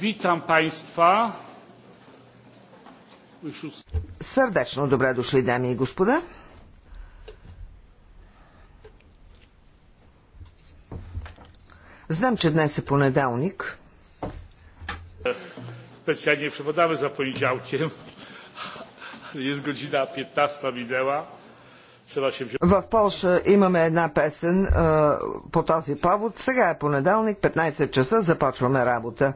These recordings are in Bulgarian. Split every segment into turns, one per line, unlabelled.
Witam Państwa. Сърдечно добре дошли, дами и господа. Знам, че днес е понеделник. Специално преподаваме за понеделким. Jest godzina 15 minęła. В Польша имаме една песен по този повод. Сега е понеделник, 15 часа, започваме работа.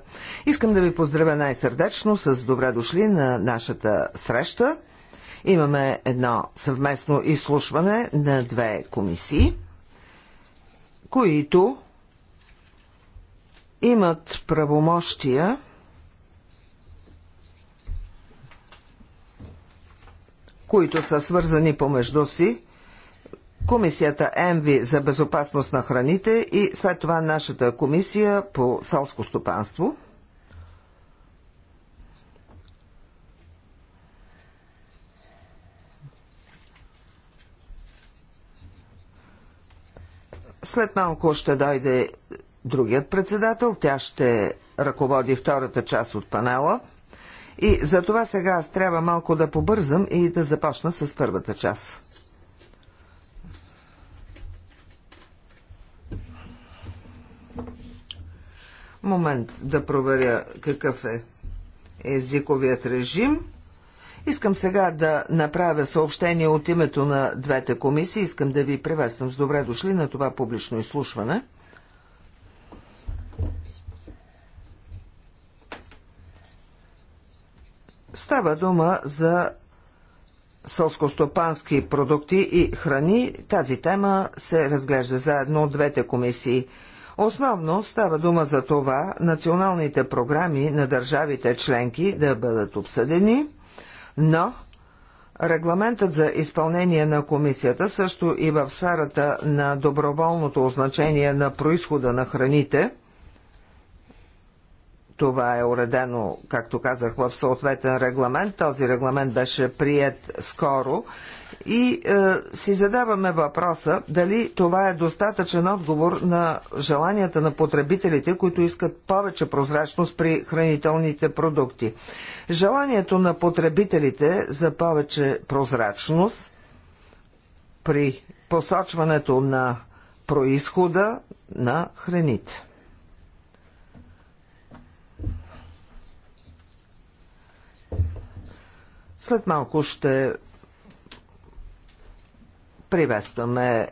Искам да ви поздравя най-сърдечно с добре дошли на нашата среща. Имаме едно съвместно изслушване на две комисии, които имат правомощия които са свързани помежду си, Комисията ЕМВИ за безопасност на храните и след това нашата комисия по селско стопанство. След малко ще дойде другият председател. Тя ще ръководи втората част от панела – и за това сега аз трябва малко да побързам и да започна с първата част. Момент да проверя какъв е езиковият режим. Искам сега да направя съобщение от името на двете комисии. Искам да ви приветствам с добре дошли на това публично изслушване – Става дума за сълскостопански продукти и храни. Тази тема се разглежда заедно от двете комисии. Основно става дума за това националните програми на държавите членки да бъдат обсъдени, но Регламентът за изпълнение на комисията също и в сферата на доброволното означение на происхода на храните това е уредено, както казах, в съответен регламент. Този регламент беше прият скоро и е, си задаваме въпроса дали това е достатъчен отговор на желанията на потребителите, които искат повече прозрачност при хранителните продукти. Желанието на потребителите за повече прозрачност при посочването на происхода на храните. След малко ще приветстваме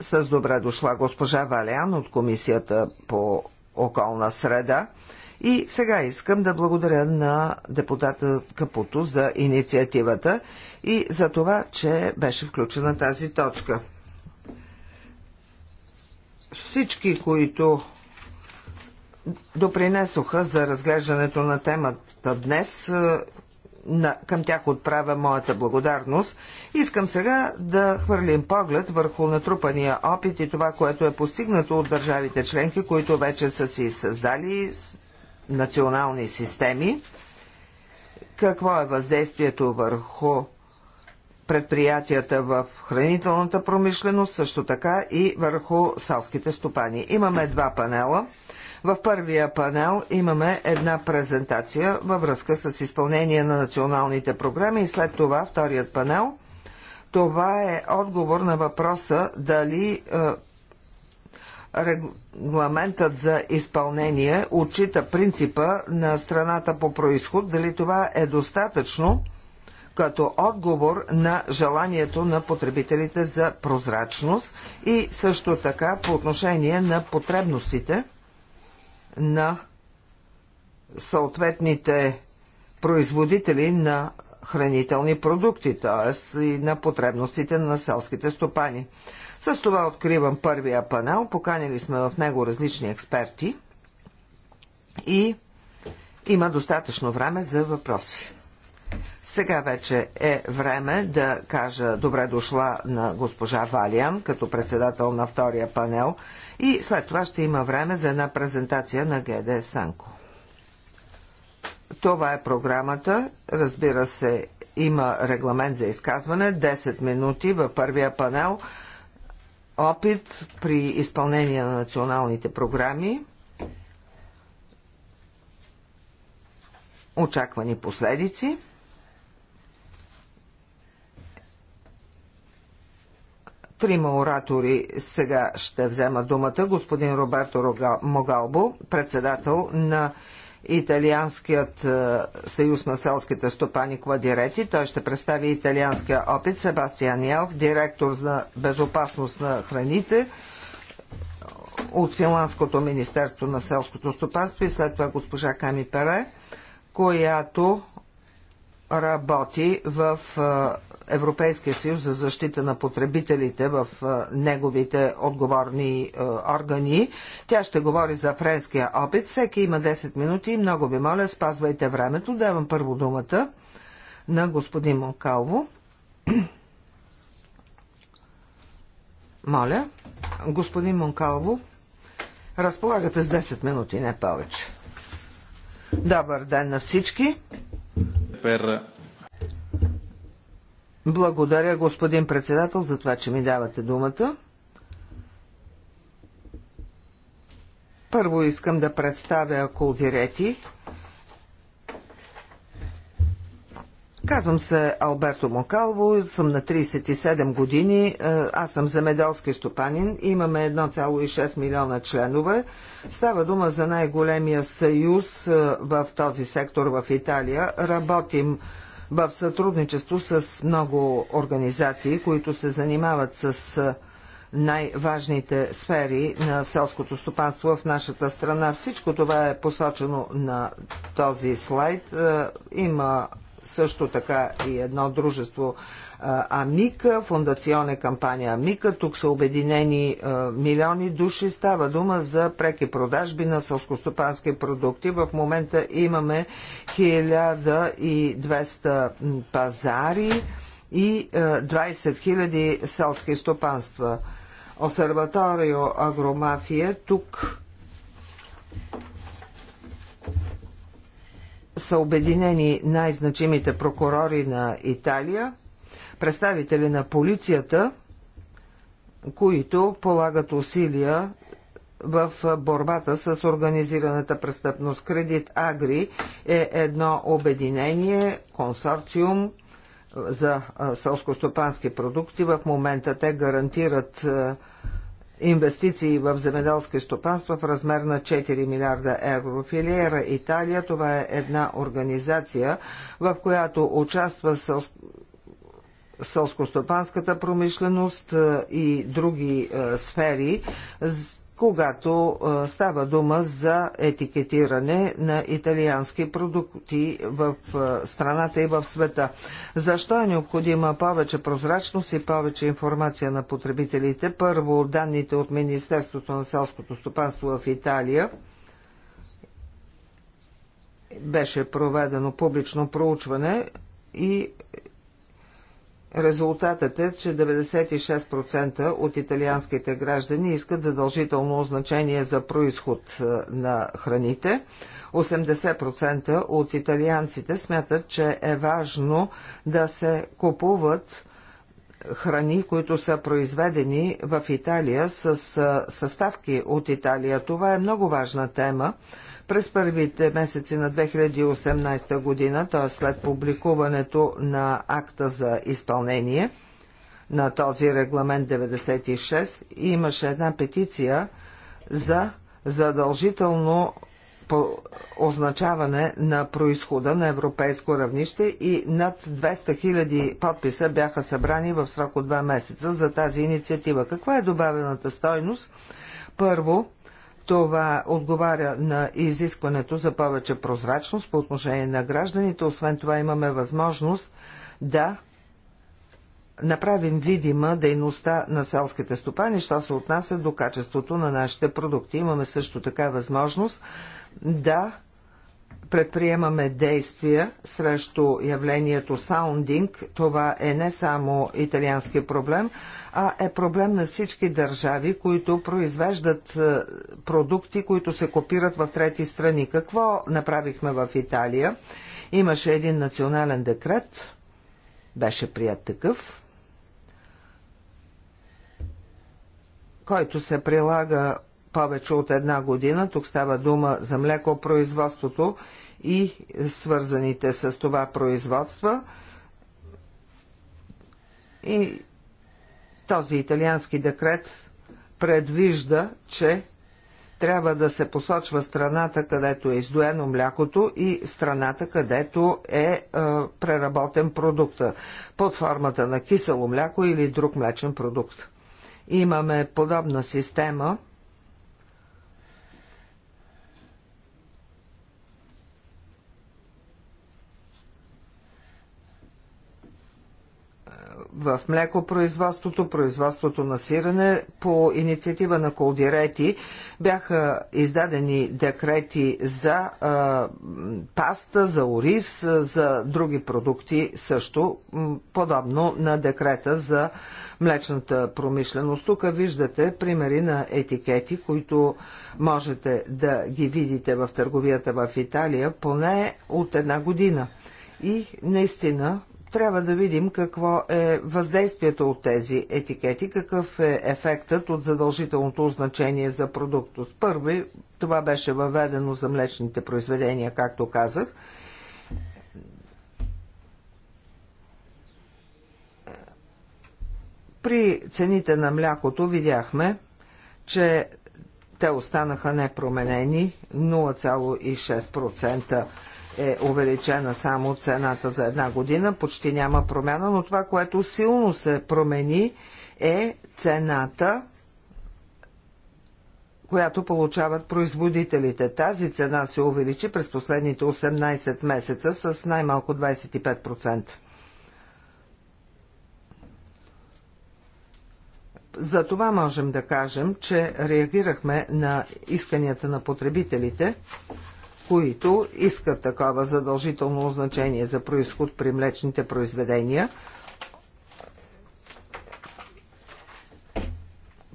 с добре дошла госпожа Валян от Комисията по околна среда. И сега искам да благодаря на депутата Капуто за инициативата и за това, че беше включена тази точка. Всички, които допринесоха за разглеждането на темата днес, на, към тях отправя моята благодарност. Искам сега да хвърлим поглед върху натрупания опит и това, което е постигнато от държавите членки, които вече са си създали национални системи. Какво е въздействието върху предприятията в хранителната промишленост, също така и върху салските стопани. Имаме два панела – в първия панел имаме една презентация във връзка с изпълнение на националните програми и след това вторият панел. Това е отговор на въпроса дали е, регламентът за изпълнение отчита принципа на страната по происход, дали това е достатъчно като отговор на желанието на потребителите за прозрачност и също така по отношение на потребностите на съответните производители на хранителни продукти, т.е. и на потребностите на селските стопани. С това откривам първия панел. Поканили сме в него различни експерти и има достатъчно време за въпроси. Сега вече е време да кажа добре дошла на госпожа Валиан като председател на втория панел и след това ще има време за една презентация на ГД Санко. Това е програмата. Разбира се, има регламент за изказване. 10 минути в първия панел. Опит при изпълнение на националните програми. Очаквани последици. Трима оратори сега ще взема думата. Господин Роберто Могалбо, председател на Италианският е, съюз на селските стопани Квадирети. Той ще представи италианския опит. Себастиан Ялв, директор за безопасност на храните от Финландското министерство на селското стопанство и след това госпожа Ками Пере, която работи в е, Европейския съюз за защита на потребителите в неговите отговорни органи. Тя ще говори за френския опит. Всеки има 10 минути и много ви моля, спазвайте времето. Давам първо думата на господин Монкалво. Моля, господин Монкалво, разполагате с 10 минути, не повече. Добър ден на всички. Благодаря, господин председател, за това, че ми давате думата. Първо искам да представя Колдирети. Казвам се Алберто Мокалво, съм на 37 години, е, аз съм замеделски стопанин, имаме 1,6 милиона членове. Става дума за най-големия съюз е, в този сектор в Италия. Работим в сътрудничество с много организации, които се занимават с най-важните сфери на селското стопанство в нашата страна. Всичко това е посочено на този слайд. Има също така и едно дружество Амика, фундационна кампания Амика. Тук са обединени милиони души. Става дума за преки продажби на сълскостопански продукти. В момента имаме 1200 пазари и 20 000 селски стопанства. Обсерваторио Агромафия тук са обединени най-значимите прокурори на Италия – представители на полицията, които полагат усилия в борбата с организираната престъпност. Кредит Агри е едно обединение, консорциум за селскостопански продукти. В момента те гарантират инвестиции в земеделски стопанства в размер на 4 милиарда евро. Филиера Италия, това е една организация, в която участва селскостопанската промишленост и други сфери, когато става дума за етикетиране на италиански продукти в страната и в света. Защо е необходима повече прозрачност и повече информация на потребителите? Първо, данните от Министерството на селското стопанство в Италия беше проведено публично проучване и Резултатът е, че 96% от италианските граждани искат задължително означение за происход е, на храните. 80% от италианците смятат, че е важно да се купуват храни, които са произведени в Италия с е, съставки от Италия. Това е много важна тема през първите месеци на 2018 година, т.е. след публикуването на акта за изпълнение на този регламент 96, имаше една петиция за задължително по означаване на происхода на европейско равнище и над 200 000 подписа бяха събрани в срок от 2 месеца за тази инициатива. Каква е добавената стойност? Първо, това отговаря на изискването за повече прозрачност по отношение на гражданите. Освен това имаме възможност да направим видима дейността на селските стопани, що се отнася до качеството на нашите продукти. Имаме също така възможност да предприемаме действия срещу явлението саундинг, това е не само италиански проблем, а е проблем на всички държави, които произвеждат е, продукти, които се копират в трети страни. Какво направихме в Италия? Имаше един национален декрет, беше прият такъв, който се прилага повече от една година. Тук става дума за млекопроизводството и свързаните с това производства. И този италиански декрет предвижда, че трябва да се посочва страната, където е издоено млякото и страната, където е, е преработен продукта под формата на кисело мляко или друг млечен продукт. Имаме подобна система – в млекопроизводството, производството на сирене. По инициатива на Колдирети бяха издадени декрети за а, паста, за ориз, за други продукти също, подобно на декрета за млечната промишленост. Тук виждате примери на етикети, които можете да ги видите в търговията в Италия поне от една година. И наистина трябва да видим какво е въздействието от тези етикети, какъв е ефектът от задължителното значение за продукт. Първи, това беше въведено за млечните произведения, както казах. При цените на млякото видяхме, че те останаха непроменени 0,6% е увеличена само цената за една година, почти няма промяна, но това, което силно се промени е цената, която получават производителите. Тази цена се увеличи през последните 18 месеца с най-малко 25%. За това можем да кажем, че реагирахме на исканията на потребителите които искат такова задължително означение за происход при млечните произведения –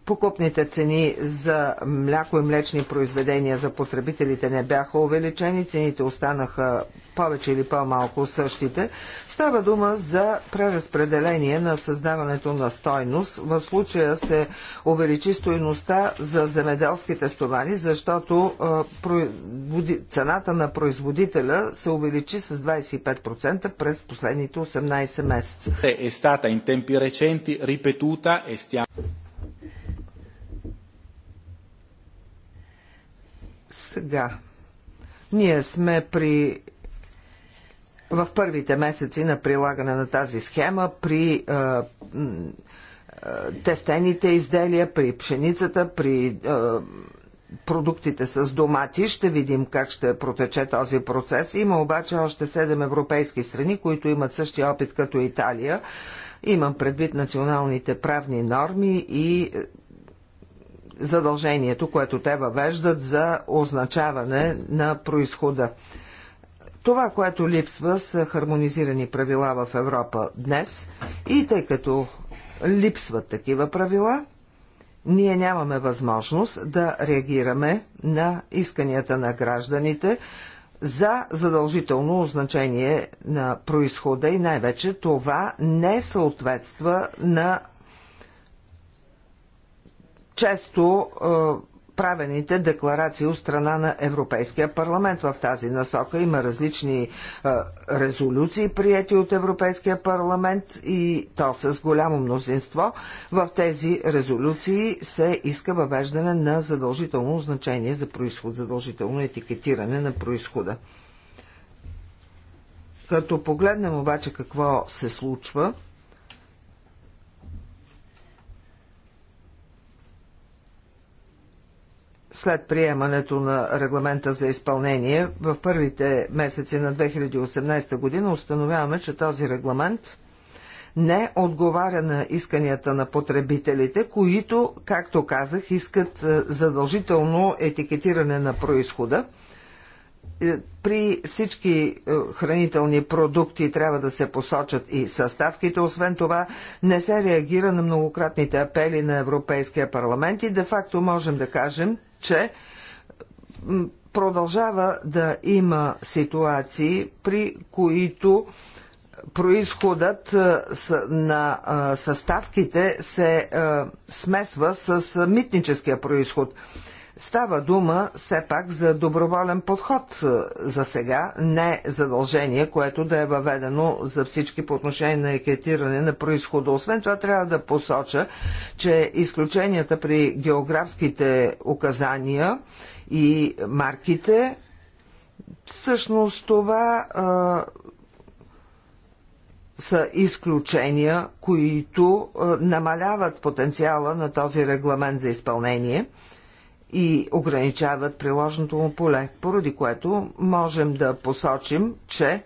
Покупните цени за мляко и млечни произведения за потребителите не бяха увеличени, цените останаха повече или по-малко същите. Става дума за преразпределение на създаването на стойност. В случая се увеличи стойността за земеделските стомани, защото цената на производителя се увеличи с 25% през последните 18 месеца. Е, е стата Сега, ние сме при в първите месеци на прилагане на тази схема при а, а, тестените изделия, при пшеницата, при а, продуктите с домати. Ще видим как ще протече този процес. Има обаче още 7 европейски страни, които имат същия опит като Италия. Имам предвид националните правни норми и задължението, което те въвеждат за означаване на происхода. Това, което липсва, са хармонизирани правила в Европа днес и тъй като липсват такива правила, ние нямаме възможност да реагираме на исканията на гражданите за задължително значение на происхода и най-вече това не съответства на често е, правените декларации от страна на Европейския парламент в тази насока. Има различни е, резолюции, прияти от Европейския парламент и то с голямо мнозинство. В тези резолюции се иска въвеждане на задължително значение за происход, задължително етикетиране на происхода. Като погледнем обаче какво се случва, след приемането на регламента за изпълнение в първите месеци на 2018 година установяваме, че този регламент не отговаря на исканията на потребителите, които, както казах, искат е, задължително етикетиране на происхода. Е, при всички е, хранителни продукти трябва да се посочат и съставките. Освен това, не се реагира на многократните апели на Европейския парламент и де-факто можем да кажем, че продължава да има ситуации, при които произходът е, на съставките се смесва с митническия происход. Става дума все пак за доброволен подход е, за сега, не задължение, което да е въведено за всички по отношение на екетиране на происхода. Освен това трябва да посоча, че изключенията при географските указания и марките, всъщност това а, е, са изключения, които а, е, намаляват потенциала на този регламент за изпълнение – и ограничават приложното му поле, поради което можем да посочим, че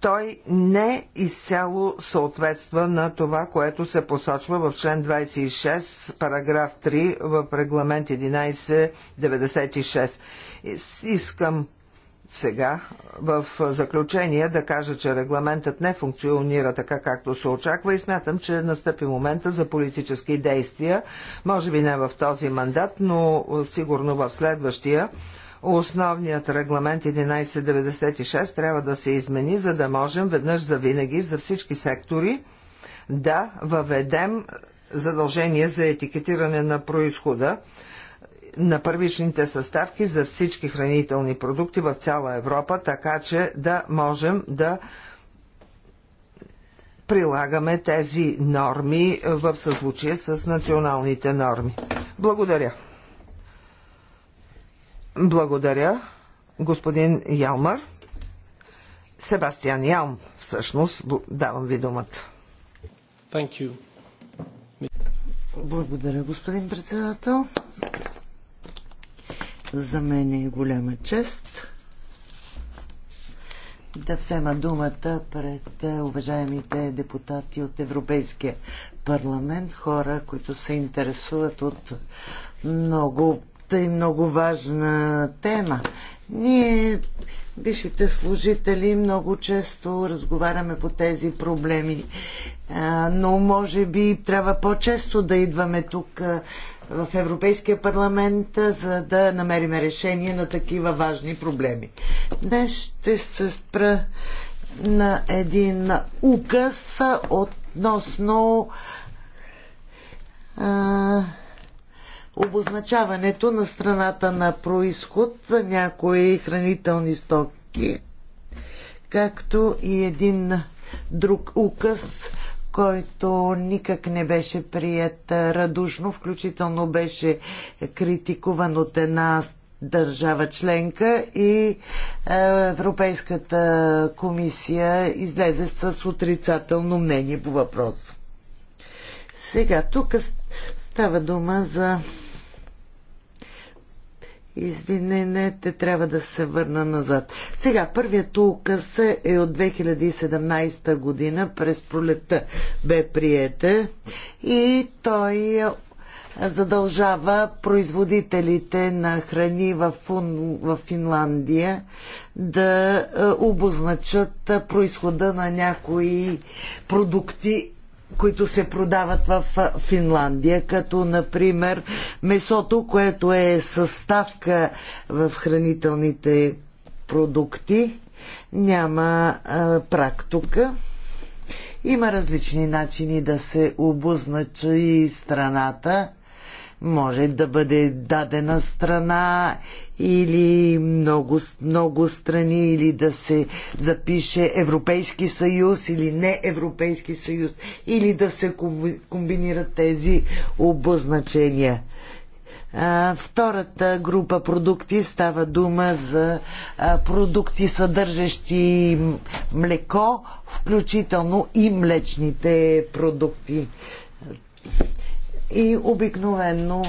той не изцяло съответства на това, което се посочва в член 26, параграф 3 в регламент 1196. Искам сега в заключение да кажа, че регламентът не функционира така, както се очаква и смятам, че настъпи момента за политически действия. Може би не в този мандат, но сигурно в следващия. Основният регламент 1196 трябва да се измени, за да можем веднъж за винаги за всички сектори да въведем задължение за етикетиране на происхода на първичните съставки за всички хранителни продукти в цяла Европа, така че да можем да прилагаме тези норми в съзвучие с националните норми. Благодаря. Благодаря, господин Ялмар. Себастиан Ялм, всъщност, давам ви думата. Thank you. Благодаря, господин председател.
За мен е голяма чест да взема думата пред е, уважаемите депутати от Европейския парламент, хора, които се интересуват от много, и много важна тема. Ние, бившите служители, много често разговаряме по тези проблеми, но може би трябва по-често да идваме тук в Европейския парламент, за да намерим решение на такива важни проблеми. Днес ще се спра на един указ относно а, обозначаването на страната на происход за някои хранителни стоки, както и един друг указ който никак не беше прият радушно, включително беше критикуван от една държава членка и е, Европейската комисия излезе с отрицателно мнение по въпрос. Сега тук става дума за Извинете, трябва да се върна назад. Сега, първият указ е, е от 2017 година, през пролетта бе приета и той е, задължава производителите на храни в, Фун, в Финландия да е, обозначат происхода на някои продукти които се продават в Финландия, като например месото, което е съставка в хранителните продукти. Няма а, прак тук. Има различни начини да се обозначи страната може да бъде дадена страна или много, много страни, или да се запише Европейски съюз или не Европейски съюз, или да се комбинират тези обозначения. Втората група продукти става дума за продукти, съдържащи млеко, включително и млечните продукти и обикновено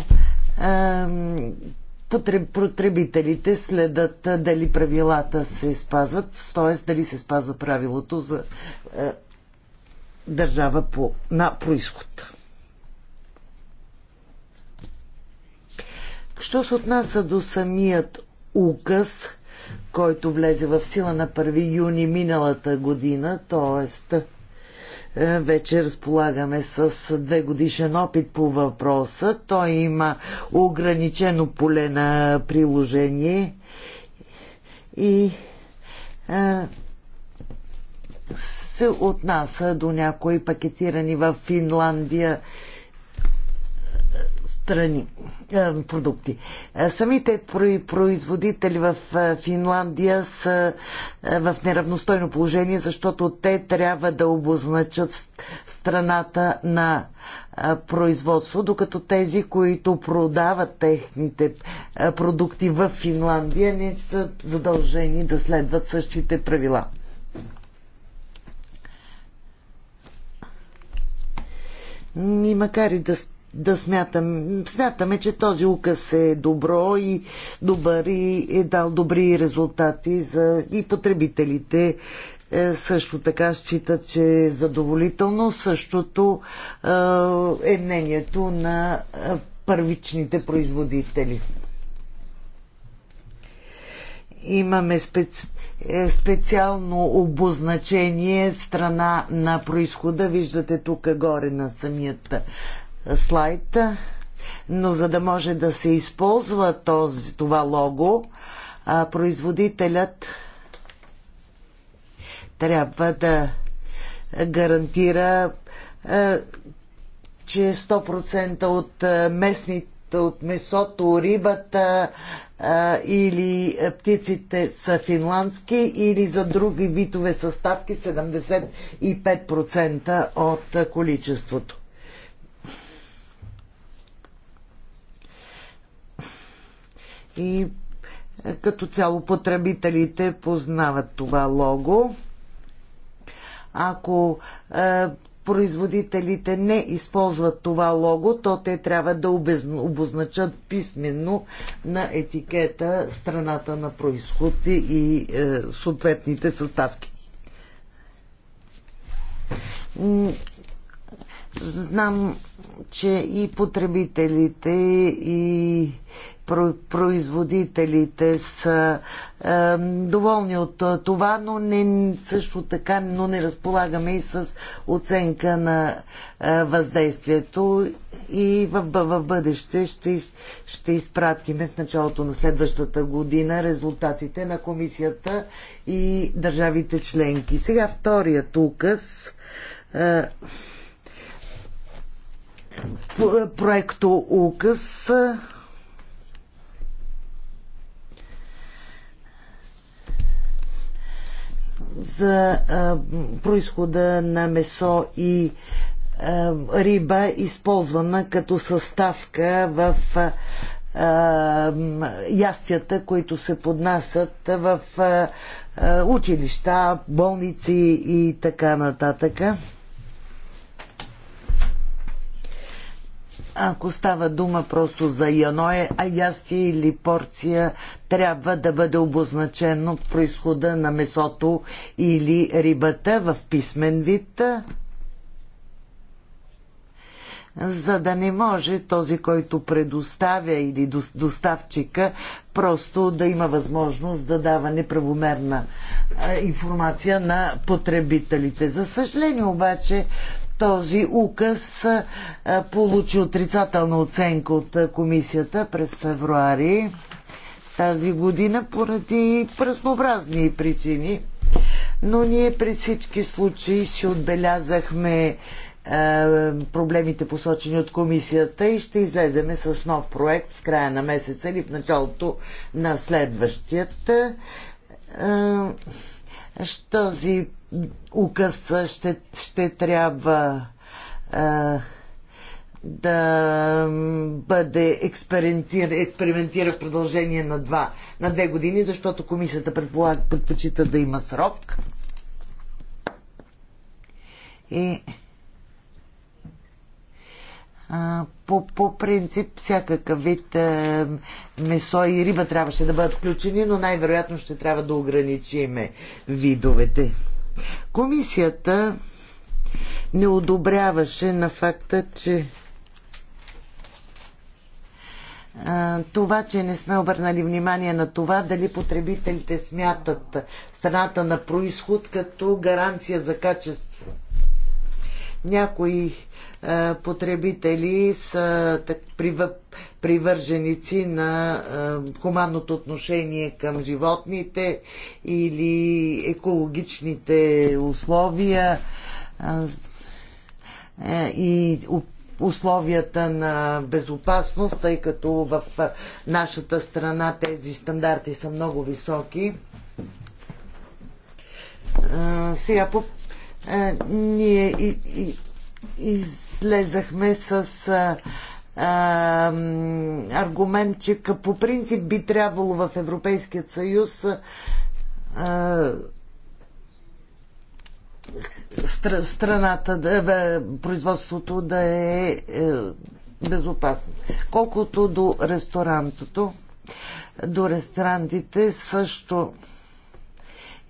потребителите следят е, дали правилата се спазват, т.е. дали се спазва правилото за е, държава по, на происход. Що се отнася до самият указ, който влезе в сила на 1 юни миналата година, т.е. Е, вече разполагаме с две годишен опит по въпроса. Той има ограничено поле на приложение и е, се отнася до някои пакетирани в Финландия страни, е, продукти. Е, самите производители в е, Финландия са в неравностойно положение, защото те трябва да обозначат страната на производство, докато тези, които продават техните продукти в Финландия, не са задължени да следват същите правила. И макар и да да смятам, смятаме, че този указ е добро и добър и е дал добри резултати за и потребителите е, също така считат, че е задоволително. Същото е, е мнението на е, първичните производители. Имаме специ... специално обозначение страна на происхода. Виждате тук горе на самият слайд, но за да може да се използва този, това лого, а, производителят трябва да гарантира, а, че 100% от местните, от месото, рибата а, или птиците са финландски или за други битове съставки 75% от количеството. и е, като цяло потребителите познават това лого. Ако е, производителите не използват това лого, то те трябва да обозначат писменно на етикета страната на происход и е, съответните съставки. Знам, че и потребителите, и производителите са е, доволни от е, това, но не, също така но не разполагаме и с оценка на е, въздействието и в, в бъдеще ще, ще изпратиме в началото на следващата година резултатите на комисията и държавите членки. Сега вторият указ е, е проекто указ за а, происхода на месо и а, риба, използвана като съставка в а, ястията, които се поднасят в а, училища, болници и така нататък. Ако става дума просто за яное, а ястие или порция трябва да бъде обозначено происхода на месото или рибата в писмен вид, за да не може този, който предоставя или доставчика, просто да има възможност да дава неправомерна информация на потребителите. За съжаление обаче този указ получи отрицателна оценка от комисията през февруари тази година поради разнообразни причини. Но ние при всички случаи си отбелязахме проблемите посочени от комисията и ще излеземе с нов проект в края на месеца или в началото на следващият. този указ ще, ще трябва а, да бъде експериментира, експериментира в продължение на, два, на две години, защото комисията предполага, предпочита да има срок. И по, по принцип всякакъв вид е, месо и риба трябваше да бъдат включени, но най-вероятно ще трябва да ограничиме видовете. Комисията не одобряваше на факта, че това, че не сме обърнали внимание на това, дали потребителите смятат страната на происход като гаранция за качество. Някои потребители са привърженици на хуманното отношение към животните или екологичните условия е, и условията на безопасност, тъй като в нашата страна тези стандарти са много високи. Сега по, е, ние и, и, излезахме с е, аргумент, че по принцип би трябвало в Европейският съюз а, страната, да, производството да е, е безопасно. Колкото до ресторантото, до ресторантите също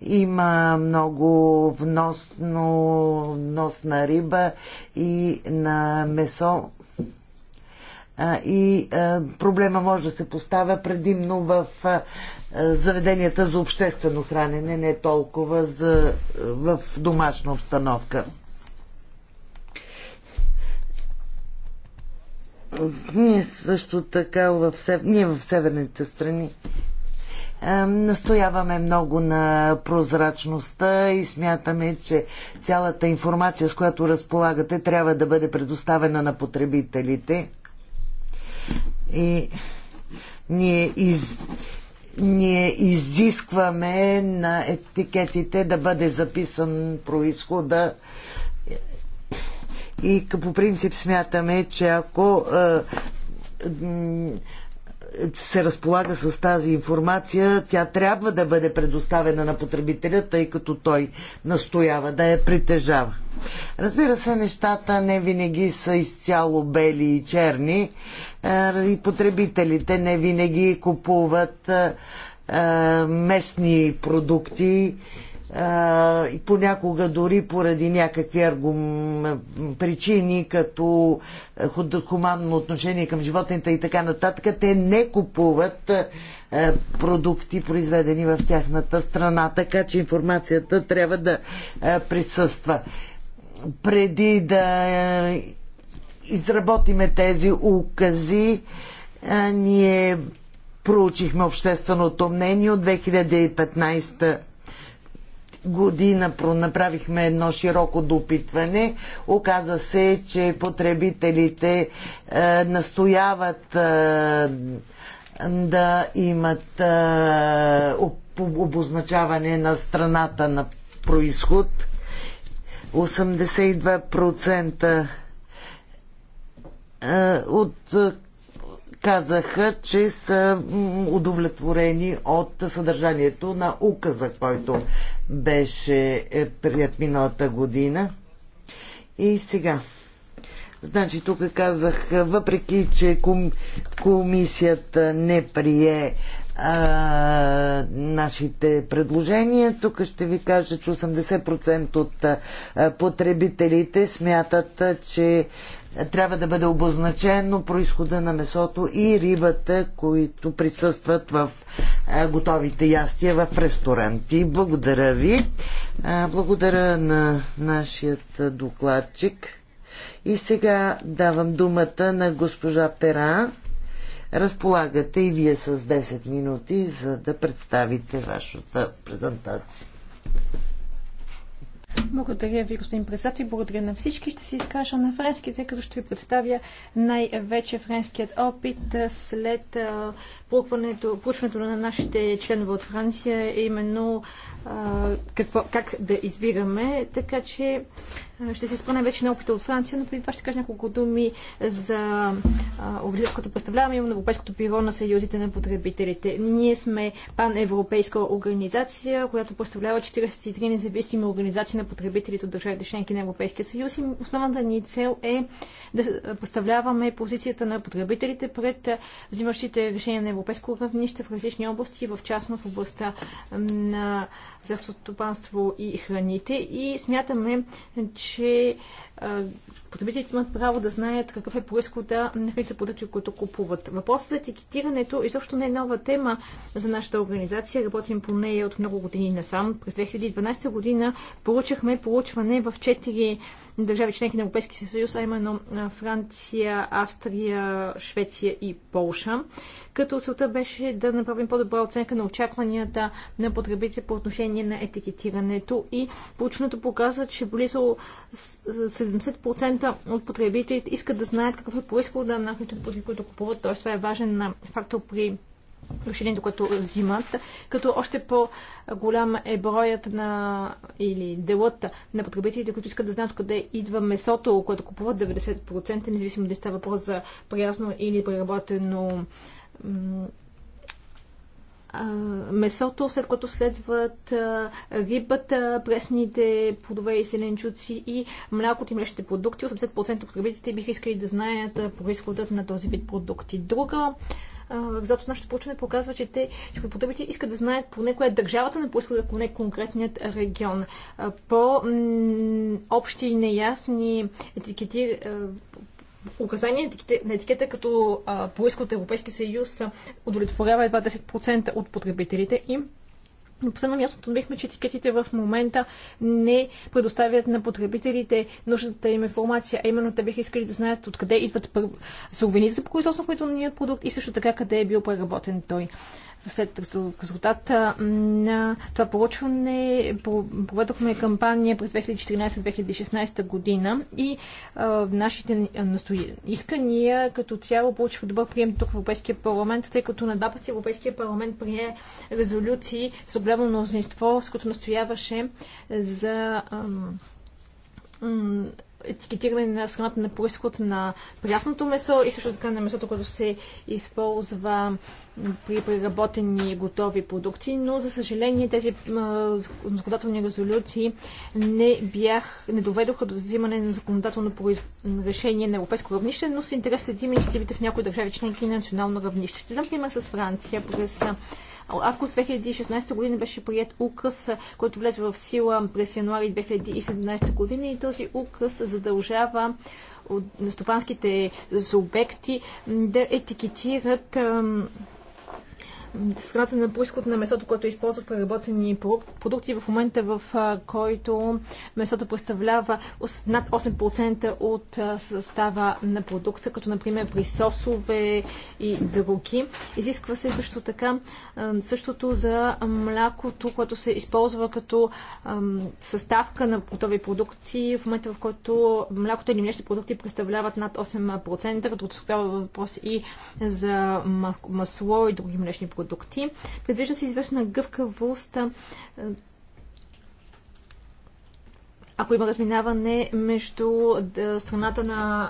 има много вносно, вносна риба и на месо и проблема може да се поставя предимно в заведенията за обществено хранене, не толкова за, в домашна обстановка. Ние също така в, ние в северните страни Настояваме много на прозрачността и смятаме, че цялата информация, с която разполагате, трябва да бъде предоставена на потребителите. И ние, из, ние изискваме на етикетите да бъде записан происхода и по принцип смятаме, че ако е, се разполага с тази информация, тя трябва да бъде предоставена на потребителя, тъй като той настоява да я притежава. Разбира се, нещата не винаги са изцяло бели и черни е, и потребителите не винаги купуват е, е, местни продукти а, и понякога дори поради някакви аргум... причини, като е, хуманно отношение към животните и така нататък, те не купуват а, е, продукти, произведени в тяхната страна, така че информацията трябва да а, е, присъства. Преди да изработиме тези укази, а, ние проучихме общественото мнение от 2015 година направихме едно широко допитване. Оказа се, че потребителите е, настояват е, да имат е, обозначаване на страната на происход. 82% е, от казаха, че са удовлетворени от съдържанието на указа, който беше е, прият миналата година. И сега. Значи тук казах, въпреки, че ком, комисията не прие а, нашите предложения. Тук ще ви кажа, че 80% от а, потребителите смятат, че трябва да бъде обозначено происхода на месото и рибата, които присъстват в готовите ястия в ресторанти. Благодаря ви. Благодаря на нашият докладчик. И сега давам думата на госпожа Пера. Разполагате и вие с 10 минути, за да представите вашата презентация.
Благодаря ви, господин председател, и благодаря на всички. Ще се изкажа на френски, тъй като ще ви представя най-вече френският опит след проучването на нашите членове от Франция, именно а, какво, как да избираме. Така че ще се спомня вече на опита от Франция, но преди това ще кажа няколко думи за организацията, която представляваме, именно Европейското пиво на съюзите на потребителите. Ние сме паневропейска организация, която представлява 43 независими организации на потребителите от държавите членки на Европейския съюз. И основната ни цел е да представляваме позицията на потребителите пред взимащите решения на европейско равнище в различни области, в частност в областта на стопанство и храните и смятаме, че потребителите имат право да знаят какъв е происхода на храните продукти, които купуват. Въпросът за етикетирането изобщо не е нова тема за нашата организация. Работим по нея от много години насам. През 2012 година получихме получване в четири държави членки на Европейския съюз, а именно Франция, Австрия, Швеция и Полша. Като целта беше да направим по-добра оценка на очакванията на потребителите по отношение на етикетирането и полученото показва, че близо 70% от потребителите искат да знаят какъв е происхода на хранителните продукти, които купуват, т.е. това е важен фактор при решението, което взимат, като още по-голям е броят на или делът на потребителите, които искат да знаят къде идва месото, което купуват 90%, независимо дали става въпрос за прясно или преработено месото, след което следват рибата, пресните плодове и селенчуци и млякото и млечните продукти. 80% от потребителите биха искали да знаят происходът на този вид продукти. Друга зато нашето проучване показва, че те, че потребите искат да знаят поне коя е държавата на происход, ако не е конкретният регион. По-общи и неясни етикети, указания на етикета като происход от Европейския съюз удовлетворява едва 10% от потребителите им но последно място бихме, че етикетите в момента не предоставят на потребителите нужната им информация, а именно те биха искали да знаят откъде идват суровините за производство на хранителния продукт и също така къде е бил преработен той след резултата на това получване проведохме кампания през 2014-2016 година и а, нашите искания като цяло получиха добър прием тук в Европейския парламент, тъй като на два пъти Европейския парламент прие резолюции с огромно мнозинство, с което настояваше за етикетиране на страната на происход на прясното месо и също така на месото, което се използва при преработени готови продукти, но за съжаление тези законодателни резолюции не, бях, не доведоха до взимане на законодателно решение на европейско равнище, но с интерес следим инициативите в някои държави членки и на национално равнище. Ще дам пример с Франция. През август 2016 година беше прият указ, който влезе в сила през януари 2017 година и този указ задължава от стопанските субекти да етикетират ам, страната на происход на месото, което използва в преработени продукти в момента, в който месото представлява над 8% от състава на продукта, като например при сосове и други. Изисква се също така същото за млякото, което се използва като съставка на готови продукти, в момента в който млякото или млечни продукти представляват над 8%, като става въпрос и за масло и други млечни продукти продукти. Предвижда се известна гъвкавост ако има разминаване между страната на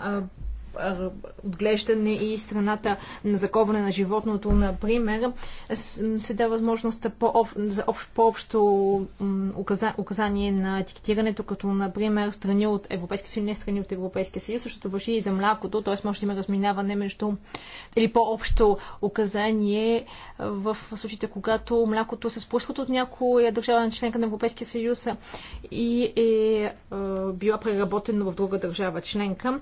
отглеждане и страната на заковане на животното, например, се дава възможност за по-общо указание на етикетирането, като, например, страни от Европейския съюз, не страни от Европейския съюз. защото въжи и за млякото, т.е. може да има разминаване между или по-общо указание в случаите, когато млякото се спускат от някоя държава на членка на Европейския съюз и е, е била преработено в друга държава членка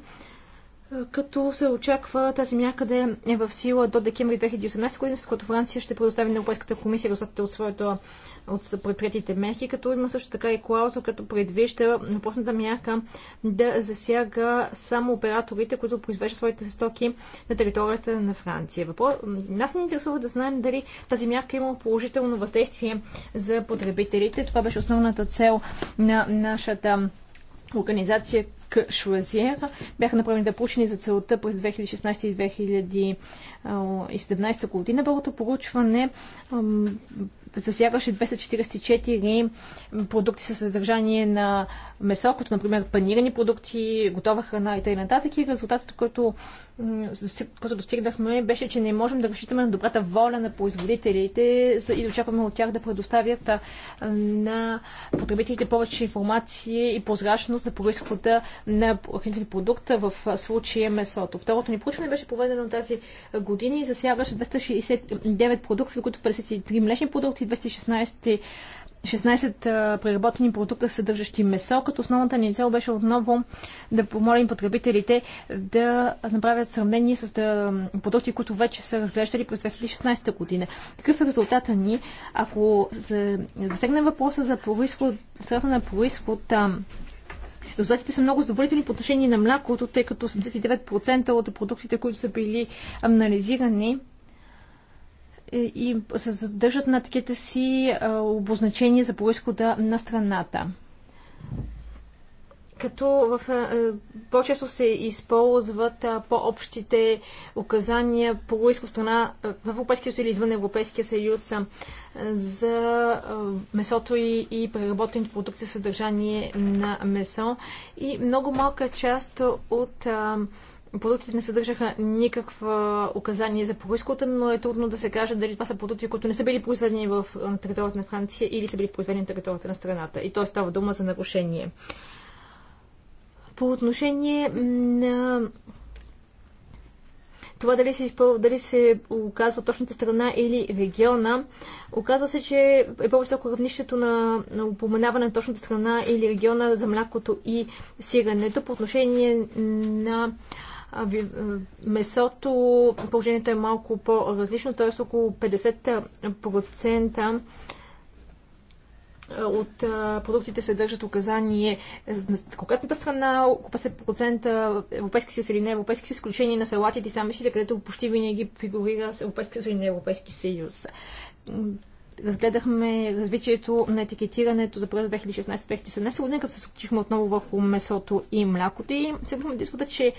като се очаква тази мярка да е в сила до декември 2018 година, с което Франция ще предостави на Европейската комисия резултатите от своето от предприятите мерки, като има също така и клауза, като предвижда въпросната мярка да засяга само операторите, които произвеждат своите стоки на територията на Франция. Въпрос... Нас не интересува да знаем дали тази мярка има положително въздействие за потребителите. Това беше основната цел на нашата организация, К Шуазиер бяха направени да проучени за целта през 2016 и 2017 година. Първото проучване засягаше 244 продукти със съдържание на месо, като например панирани продукти, готова храна и т.н. И резултатът, който, който достигнахме, беше, че не можем да разчитаме на добрата воля на производителите и да очакваме от тях да предоставят на потребителите повече информация и прозрачност за происхода на хранителни продукта в случая месото. Второто ни проучване беше проведено тази година и засягаше 269 продукти, за които 53 млечни продукти, и 216 16 преработени продукта, съдържащи месо, като основната ни цел беше отново да помолим потребителите да направят сравнение с продукти, които вече са разглеждали през 2016 година. Какъв е резултата ни, ако засегнем въпроса за происход, страна на происход, Резултатите са много задоволителни по отношение на млякото, тъй като 89% от продуктите, които са били анализирани, е, и се задържат на таките си обозначения за происхода на страната. Като в, по-често се използват по-общите указания по изход страна в Европейския съюз или извън Европейския съюз за месото и, и преработените продукти съдържание на месо и много малка част от продуктите не съдържаха никаква указание за происхода, но е трудно да се каже дали това са продукти, които не са били произведени в, на територията на Франция или са били произведени на територията на страната. И то става дума за нарушение. По отношение на това дали се, изпъл... дали се оказва точната страна или региона, оказва се, че е по-високо равнището на, на упоменаване на точната страна или региона за млякото и сирането по отношение на месото положението е малко по-различно, т.е. около 50% от продуктите се държат указание е, на конкретната страна, около 50% Европейски съюз или не Европейски съюз, изключение на салатите и самишите, където почти винаги фигурира Европейски съюз или не Европейски съюз. Разгледахме развитието на етикетирането за през 2016-2017 година, като се случихме отново върху месото и млякото и следваме да извода, че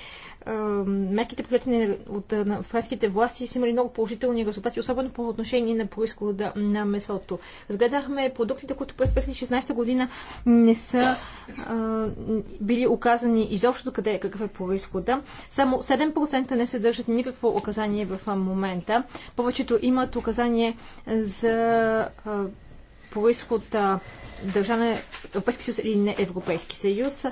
е, мерките, приятели от е, френските власти, са имали много положителни резултати, особено по отношение на происхода на месото. Разгледахме продуктите, които през 2016 година не са а, е, били оказани изобщо къде какъв е происхода. Само 7% не съдържат никакво оказание в момента. Повечето имат указание за а, происход държане Европейски съюз или не Европейски съюз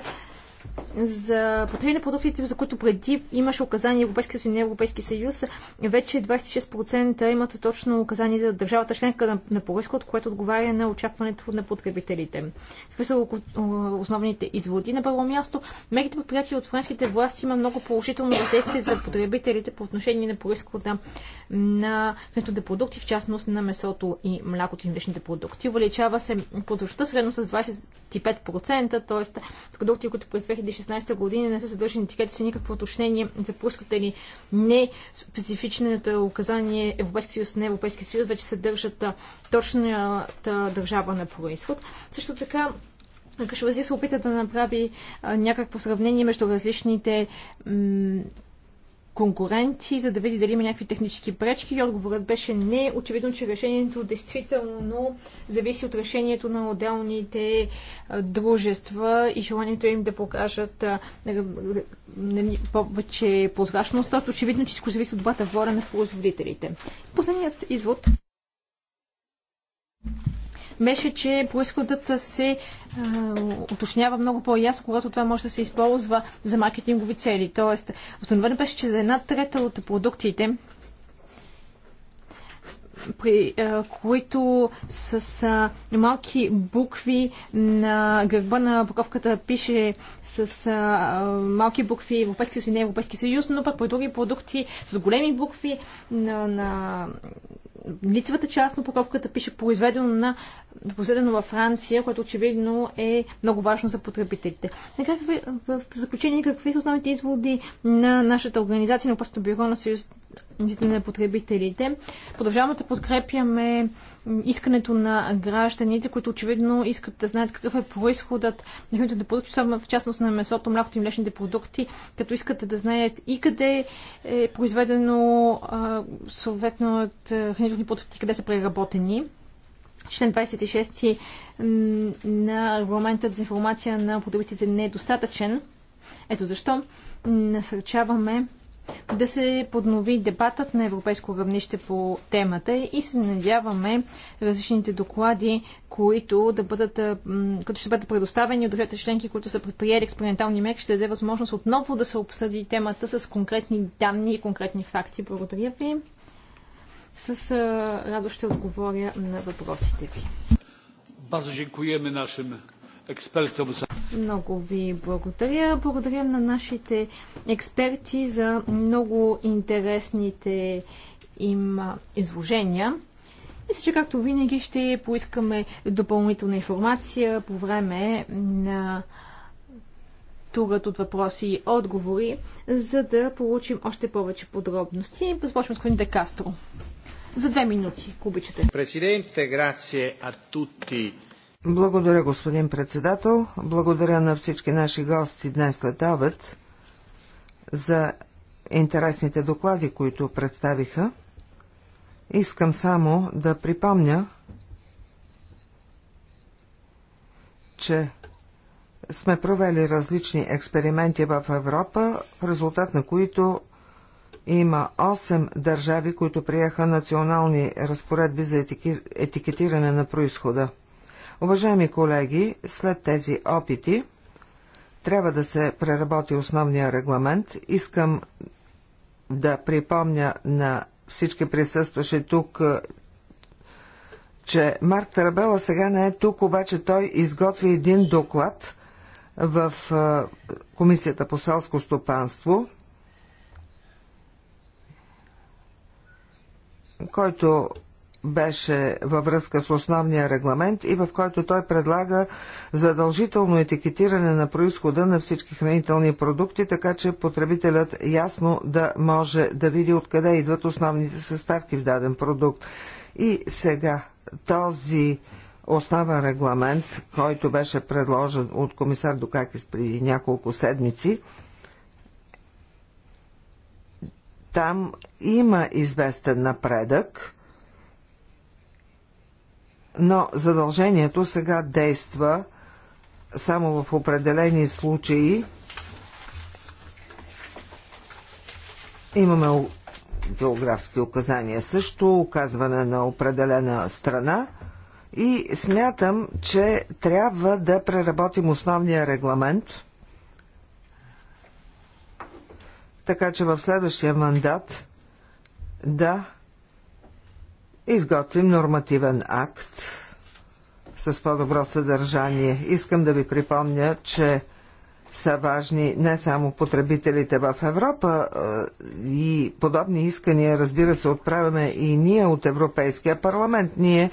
за потреби на продуктите, за които преди имаше указания Европейския съюз и Европейски съюз, вече 26% имат точно указания за държавата членка на, на происход, което отговаря на очакването на потребителите. Какви са основните изводи? На първо място, мерките предприятия от френските власти има много положително въздействие за потребителите по отношение на на на хранителните продукти, в частност на месото и млякото и млечните продукти. Увеличава се прозрачността средно с 25%, т.е. продукти, които през 2016 година не са съдържани етикети са никакво уточнение за пускате ли не специфичното указание Европейски съюз, не Европейски съюз, вече съдържат точната държава на происход. Също така Кашвази се опита да направи а, някакво сравнение между различните конкуренти, за да види дали има някакви технически пречки. И отговорът беше не. Очевидно, че решението действително зависи от решението на отделните дружества и желанието им да покажат нали, повече прозрачност. Очевидно, че всичко зависи от двата воля на производителите. Последният извод беше, че происходът се уточнява много по-ясно, когато това може да се използва за маркетингови цели. Тоест, установено беше, че за една трета от продуктите, при, а, които с а, малки букви на гърба на упаковката пише с а, малки букви Европейски съюз и не Европейски съюз, но пък при други продукти с големи букви на, на лицевата част на упаковката пише произведено на произведено във Франция, което очевидно е много важно за потребителите. Така, в заключение, какви са основните изводи на нашата организация на Опасното бюро на съюзите на потребителите? Продължаваме да подкрепяме искането на гражданите, които очевидно искат да знаят какъв е происходът на хранителните продукти, само в частност на месото, млякото и млечните продукти, като искат да знаят и къде е произведено съответно от хранителни продукти, къде са преработени член 26 е, на регламентът за информация на потребителите не е достатъчен. Ето защо насърчаваме да се поднови дебатът на европейско равнище по темата и се надяваме различните доклади, които, да бъдат, които ще бъдат предоставени от другите членки, които са предприели експериментални мерки, ще даде възможност отново да се обсъди темата с конкретни данни и конкретни факти. Благодаря ви. С радост ще отговоря на въпросите ви. Много ви благодаря. Благодаря на нашите експерти за много интересните им изложения. Мисля, че както винаги ще поискаме допълнителна информация по време на турът от въпроси и отговори, за да получим още повече подробности. Започваме с Коин Кастро за две минути, ако обичате. Благодаря,
господин председател. Благодаря на всички наши гости днес след обед за интересните доклади, които представиха. Искам само да припомня, че сме провели различни експерименти в Европа, в резултат на които има 8 държави, които приеха национални разпоредби за етикетиране на происхода. Уважаеми колеги, след тези опити трябва да се преработи основния регламент. Искам да припомня на всички присъстващи тук, е, че Марк Тарабела сега не е тук, обаче той изготви един доклад в е, Комисията по селско стопанство – който беше във връзка с основния регламент и в който той предлага задължително етикетиране на происхода на всички хранителни продукти, така че потребителят ясно да може да види откъде идват основните съставки в даден продукт. И сега този основен регламент, който беше предложен от комисар Докакис преди няколко седмици, там има известен напредък, но задължението сега действа само в определени случаи. Имаме географски указания също, указване на определена страна и смятам, че трябва да преработим основния регламент – така че в следващия мандат да изготвим нормативен акт с по-добро съдържание. Искам да ви припомня, че са важни не само потребителите в Европа и подобни искания, разбира се, отправяме и ние от Европейския парламент. Ние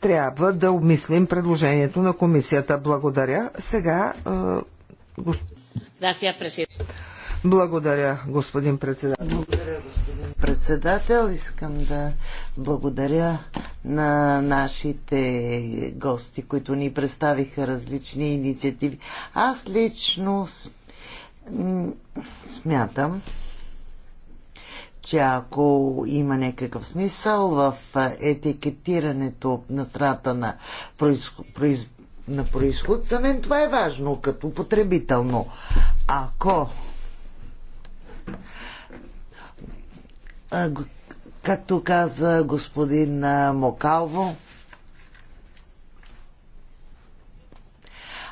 трябва да обмислим предложението на комисията. Благодаря. Сега благодаря, господин председател.
Благодаря, господин
председател. Искам да благодаря на нашите гости, които ни представиха различни инициативи. Аз лично смятам, че ако има някакъв смисъл в етикетирането на страната на произход, на происход, за мен това е важно като потребително ако както каза господин Мокалво,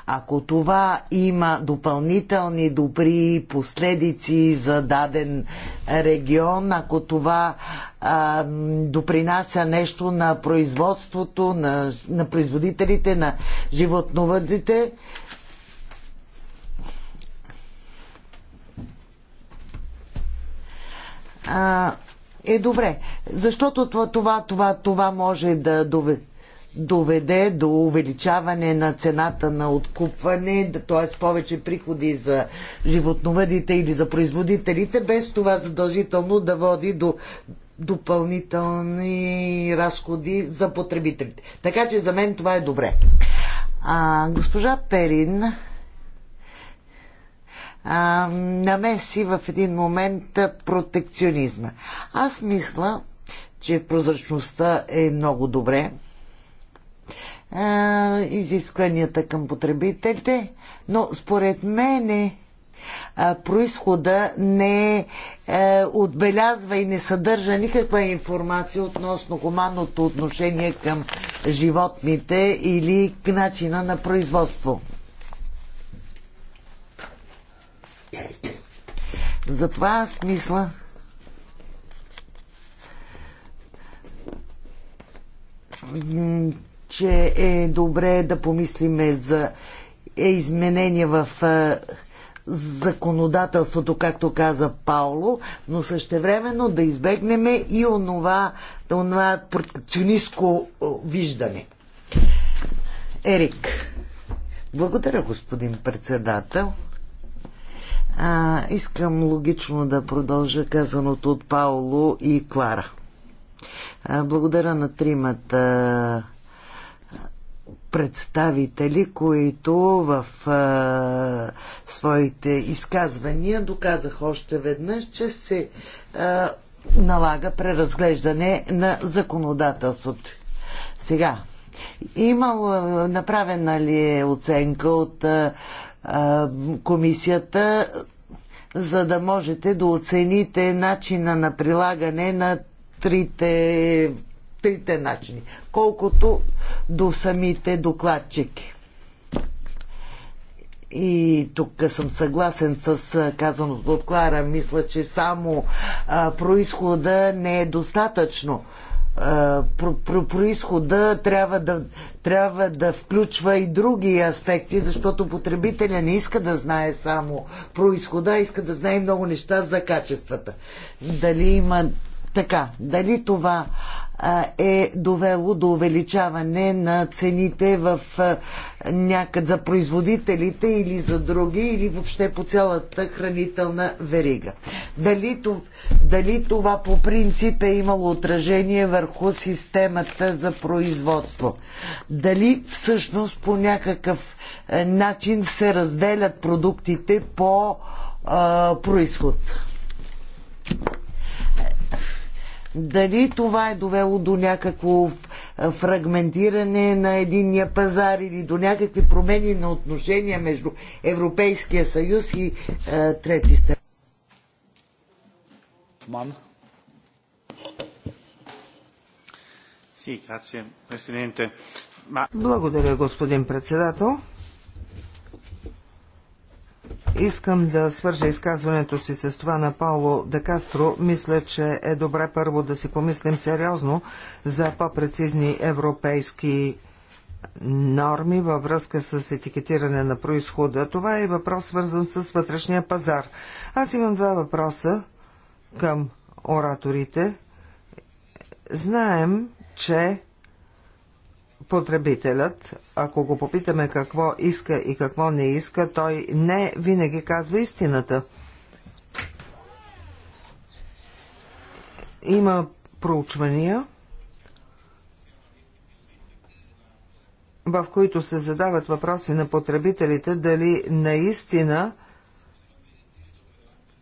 ако това има допълнителни добри последици за даден регион, ако това а, допринася нещо на производството, на, на производителите, на животновъдите, а, е добре. Защото това, това, това, това може да доведе доведе до увеличаване на цената на откупване, т.е. повече приходи за животновъдите или за производителите, без това задължително да води до допълнителни разходи за потребителите. Така че за мен това е добре. А, госпожа Перин а, намеси в един момент протекционизма. Аз мисля, че прозрачността е много добре. А, изискванията към потребителите, но според мене происхода не е, е, отбелязва и не съдържа никаква информация относно хуманното отношение към животните или начина на производство. Затова аз мисля, че е добре да помислиме за е изменения в е, законодателството, както каза Пауло, но същевременно да избегнем и онова, онова протекционистко е, виждане. Ерик. Благодаря, господин председател. А, искам логично да продължа казаното от Пауло и Клара. А, благодаря на тримата представители, които в а, своите изказвания доказах още веднъж, че се а, налага преразглеждане на законодателството. Сега, имал, направена ли е оценка от а, комисията за да можете да оцените начина на прилагане на трите, трите начини, колкото до самите докладчики. И тук съм съгласен с казаното от Клара. Мисля, че само а, происхода не е достатъчно про, про, происхода трябва да, трябва да включва и други аспекти, защото потребителя не иска да знае само происхода, иска да знае много неща за качествата. Дали има така, дали това е довело до увеличаване на цените в някъде за производителите или за други, или въобще по цялата хранителна верига. Дали, дали това по принцип е имало отражение върху системата за производство? Дали всъщност по някакъв начин се разделят продуктите по а, происход? Дали това е довело до някакво фрагментиране на единния пазар или до някакви промени на отношения между Европейския съюз и е, трети страни?
Благодаря, господин председател. Искам да свържа изказването си с това на Пауло де Кастро. Мисля, че е добре първо да си помислим сериозно за по-прецизни европейски норми във връзка с етикетиране на происхода. Това е въпрос свързан с вътрешния пазар. Аз имам два въпроса към ораторите. Знаем, че потребителят, ако го попитаме какво иска и какво не иска, той не винаги казва истината. Има проучвания, в които се задават въпроси на потребителите дали наистина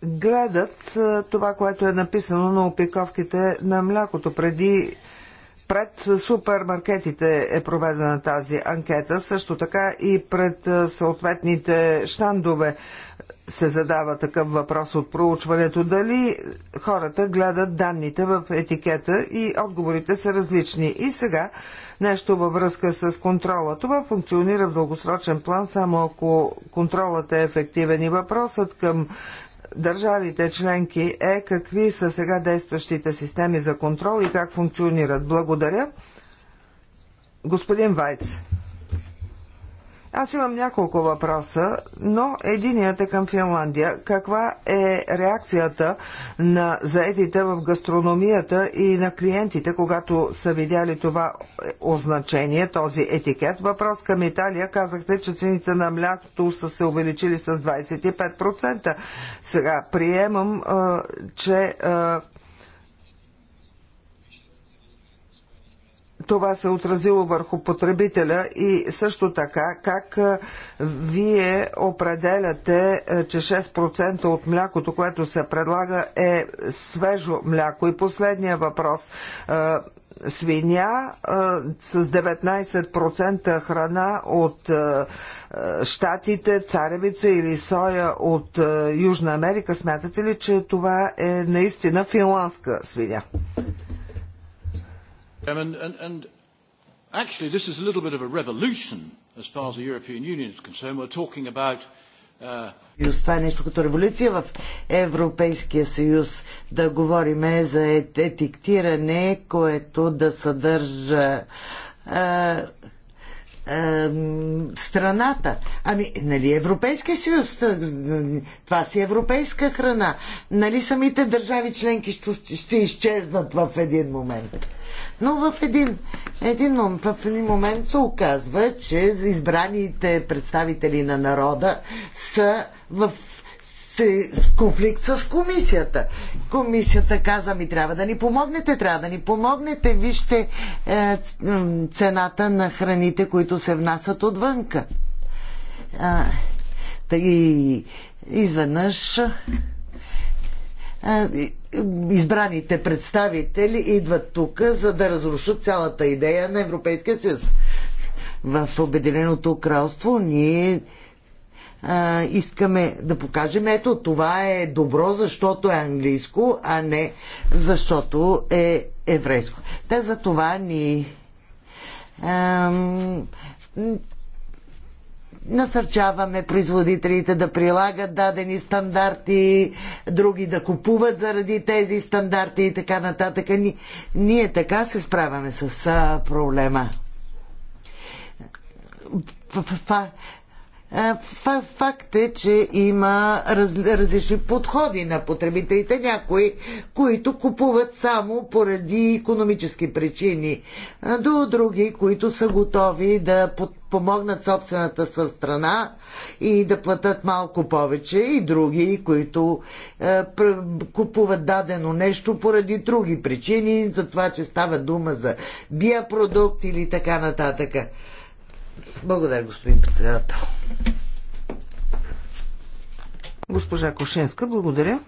гледат това, което е написано на опиковките на млякото преди пред супермаркетите е проведена тази анкета, също така и пред съответните щандове се задава такъв въпрос от проучването. Дали хората гледат данните в етикета и отговорите са различни. И сега нещо във връзка с контрола. Това функционира в дългосрочен план, само ако контролът е ефективен. И въпросът към държавите членки е какви са сега действащите системи за контрол и как функционират. Благодаря. Господин Вайц. Аз имам няколко въпроса, но единият е към Финландия. Каква е реакцията на заедите в гастрономията и на клиентите, когато са видяли това означение, този етикет? Въпрос към Италия. Казахте, че цените на млякото са се увеличили с 25%. Сега приемам, че това се отразило върху потребителя и също така как вие определяте, че 6% от млякото, което се предлага е свежо мляко. И последния въпрос свиня с 19% храна от Штатите, царевица или соя от Южна Америка. Смятате ли, че това е наистина финландска свиня?
And, and, and actually, this is a little bit of a revolution as far as the European Union is concerned. We're talking about uh...
това е нещо като революция в Европейския съюз. Да говорим за етиктиране, което да съдържа а, а, страната. Ами, нали Европейския съюз? Това си европейска храна. Нали самите държави членки ще изчезнат в един момент? Но в един, един, в един момент се оказва, че избраните представители на народа са в с конфликт с комисията. Комисията каза ми трябва да ни помогнете, трябва да ни помогнете. Вижте е, цената на храните, които се внасят отвънка. А, и изведнъж избраните представители идват тук, за да разрушат цялата идея на Европейския съюз. В Обединеното кралство ние а, искаме да покажем, ето това е добро, защото е английско, а не защото е еврейско. Те за това ни А, насърчаваме производителите да прилагат дадени стандарти, други да купуват заради тези стандарти и така нататък. Ни, ние така се справяме с а, проблема. Е, факт е, че има раз, различни подходи на потребителите, някои, които купуват само поради економически причини, е, до други, които са готови да помогнат собствената са страна и да платят малко повече, и други, които е, купуват дадено нещо поради други причини, за това, че става дума за биопродукт или така нататък.
Благодаря, господин председател. Госпожа Кошинска, благодаря.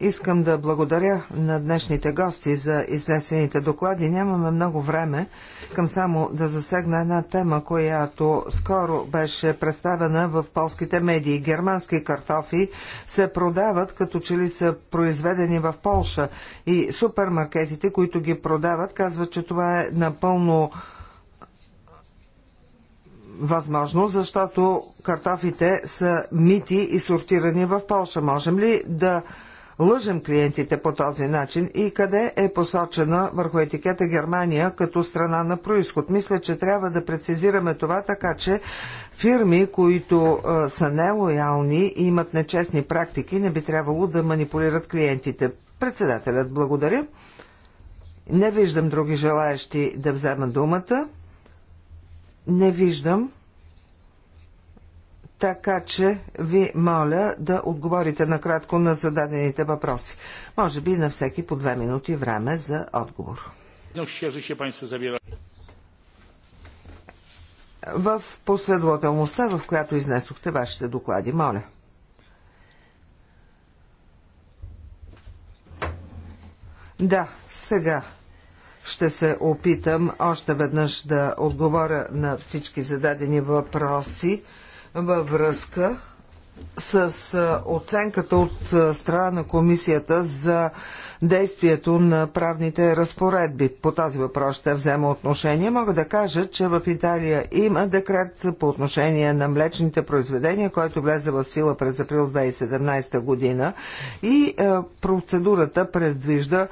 Искам да благодаря на днешните гости за изнесените доклади. Нямаме много време. Искам само да засегна една тема, която скоро беше представена в полските медии. Германски картофи се продават като че ли са произведени в Полша и супермаркетите, които ги продават, казват, че това е напълно възможно, защото картофите са мити и сортирани в Польша. Можем ли да лъжем клиентите по този начин и къде е посочена върху етикета Германия като страна на происход. Мисля, че трябва да прецизираме това така, че фирми, които а, са нелоялни и имат нечестни практики, не би трябвало да манипулират клиентите. Председателят благодаря. Не виждам други желаящи да вземат думата. Не виждам. Така че ви моля да отговорите накратко на зададените въпроси. Може би на всеки по две минути време за отговор. В последователността, в която изнесохте вашите доклади, моля. Да, сега ще се опитам още веднъж да отговоря на всички зададени въпроси във връзка с оценката от страна на комисията за действието на правните разпоредби. По този въпрос ще взема отношение. Мога да кажа, че в Италия има декрет по отношение на млечните произведения, който влезе в сила през април 2017 година и процедурата предвижда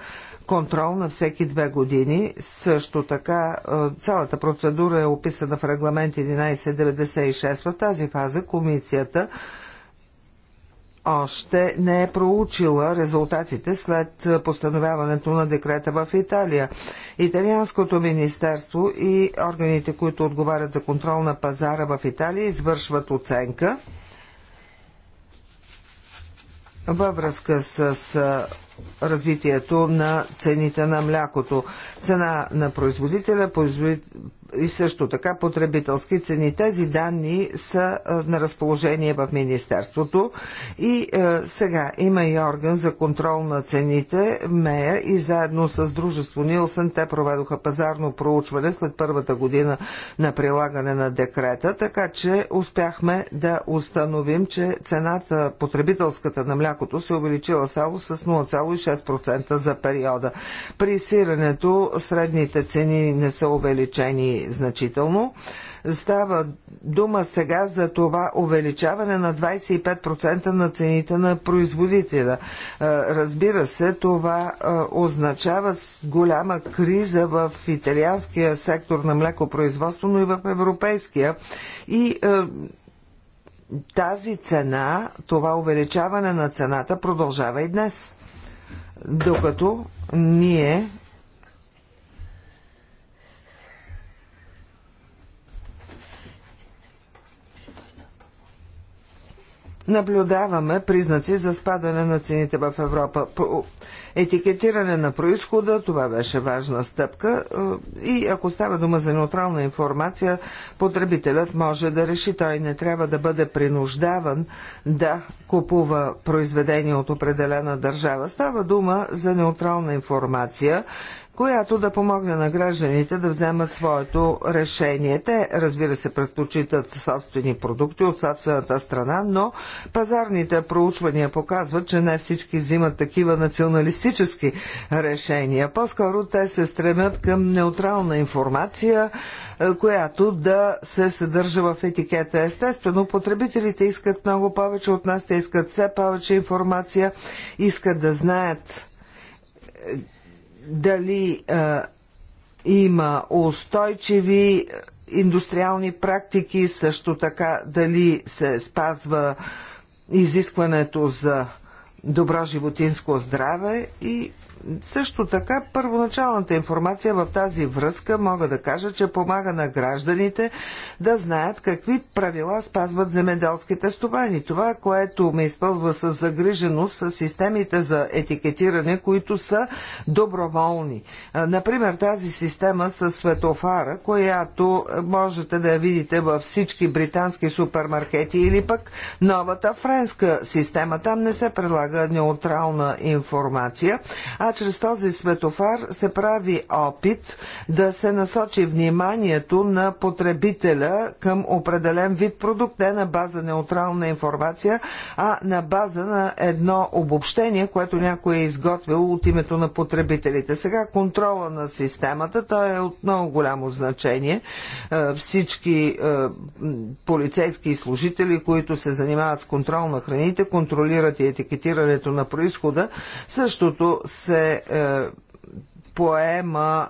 контрол на всеки две години. Също така е, цялата процедура е описана в регламент 1196. В тази фаза комисията още не е проучила резултатите след постановяването на декрета в Италия. Италианското министерство и органите, които отговарят за контрол на пазара в Италия, извършват оценка във връзка с е, развитието на цените на млякото. Цена на производителя, производител и също така потребителски цени. Тези данни са е, на разположение в Министерството и е, сега има и орган за контрол на цените, МЕЯ и заедно с дружество Нилсън те проведоха пазарно проучване след първата година на прилагане на декрета, така че успяхме да установим, че цената потребителската на млякото се увеличила само с 0,6% за периода. При сирането средните цени не са увеличени значително. Става дума сега за това увеличаване на 25% на цените на производителя. Разбира се, това означава голяма криза в италианския сектор на млекопроизводство, но и в европейския. И тази цена, това увеличаване на цената продължава и днес. Докато ние наблюдаваме признаци за спадане на цените в Европа. По етикетиране на происхода, това беше важна стъпка е, и ако става дума за неутрална информация, потребителят може да реши, той не трябва да бъде принуждаван да купува произведение от определена държава. Става дума за неутрална информация която да помогне на гражданите да вземат своето решение. Те, разбира се, предпочитат собствени продукти от собствената страна, но пазарните проучвания показват, че не всички взимат такива националистически решения. По-скоро те се стремят към неутрална информация, е, която да се съдържа в етикета. Естествено, потребителите искат много повече от нас, те искат все повече информация, искат да знаят е, дали а, има устойчиви индустриални практики, също така дали се спазва изискването за добро животинско здраве и също така, първоначалната информация в тази връзка мога да кажа, че помага на гражданите да знаят какви правила спазват земеделските стопани. Това, което ме изпълва с загриженост, са системите за етикетиране, които са доброволни. Например, тази система с светофара, която можете да я видите във всички британски супермаркети или пък новата френска система. Там не се предлага неутрална информация, а чрез този светофар се прави опит да се насочи вниманието на потребителя към определен вид продукт, не на база неутрална информация, а на база на едно обобщение, което някой е изготвил от името на потребителите. Сега контрола на системата, то е от много голямо значение. Е, всички е, полицейски служители, които се занимават с контрол на храните, контролират и етикетирането на происхода. Същото се е, поема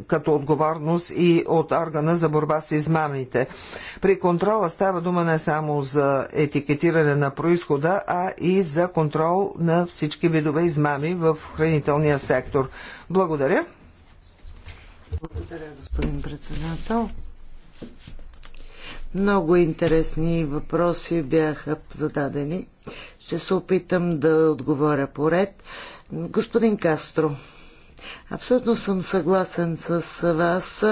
е, като отговорност и от органа за борба с измамите. При контрола става дума не само за етикетиране на происхода, а и за контрол на всички видове измами в хранителния сектор. Благодаря.
Благодаря, господин председател. Много интересни въпроси бяха зададени. Ще се опитам да отговоря поред. ред. Господин Кастро, абсолютно съм съгласен с вас.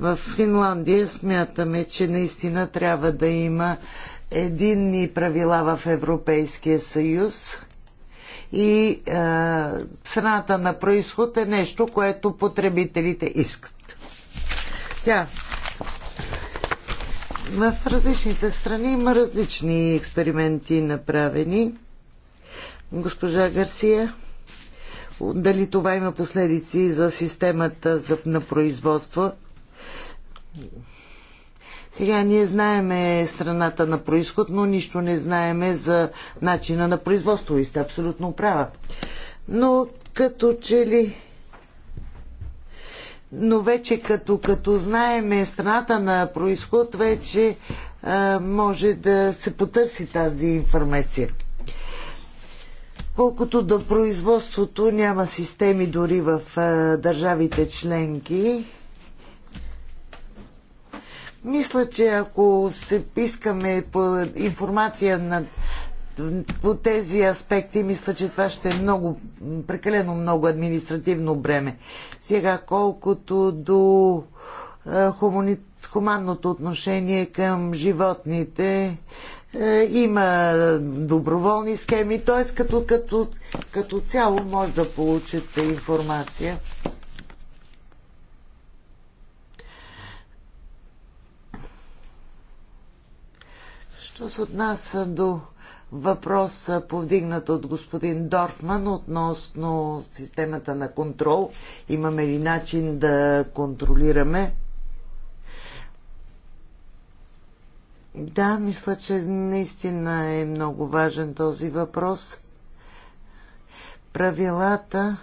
В Финландия смятаме, че наистина трябва да има единни правила в Европейския съюз и е, цената на происход е нещо, което потребителите искат. Сега, в различните страни има различни експерименти направени госпожа Гарсия. Дали това има последици за системата на производство? Сега ние знаеме страната на происход, но нищо не знаеме за начина на производство и сте абсолютно права. Но като че ли... Но вече като, като знаеме страната на происход, вече а, може да се потърси тази информация. Колкото до производството, няма системи дори в държавите членки. Мисля, че ако се искаме по информация на, по тези аспекти, мисля, че това ще е много, прекалено много административно бреме. Сега, колкото до е, отношение към животните, е, има доброволни схеми, т.е. Като, като, като цяло може да получите информация. Що се отнася до въпроса повдигнат от господин Дорфман относно системата на контрол. Имаме ли начин да контролираме Да, мисля, че наистина е много важен този въпрос. Правилата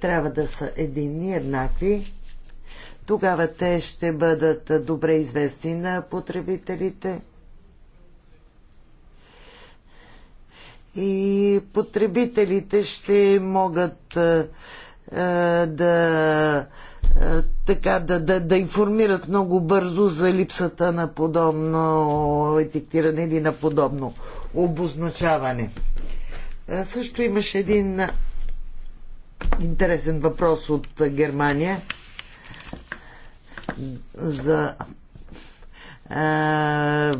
трябва да са единни, еднакви. Тогава те ще бъдат добре известни на потребителите. И потребителите ще могат е, е, да е, така да, да, да информират много бързо за липсата на подобно етиктиране или на подобно обозначаване. Също имаше един интересен въпрос от Германия за а,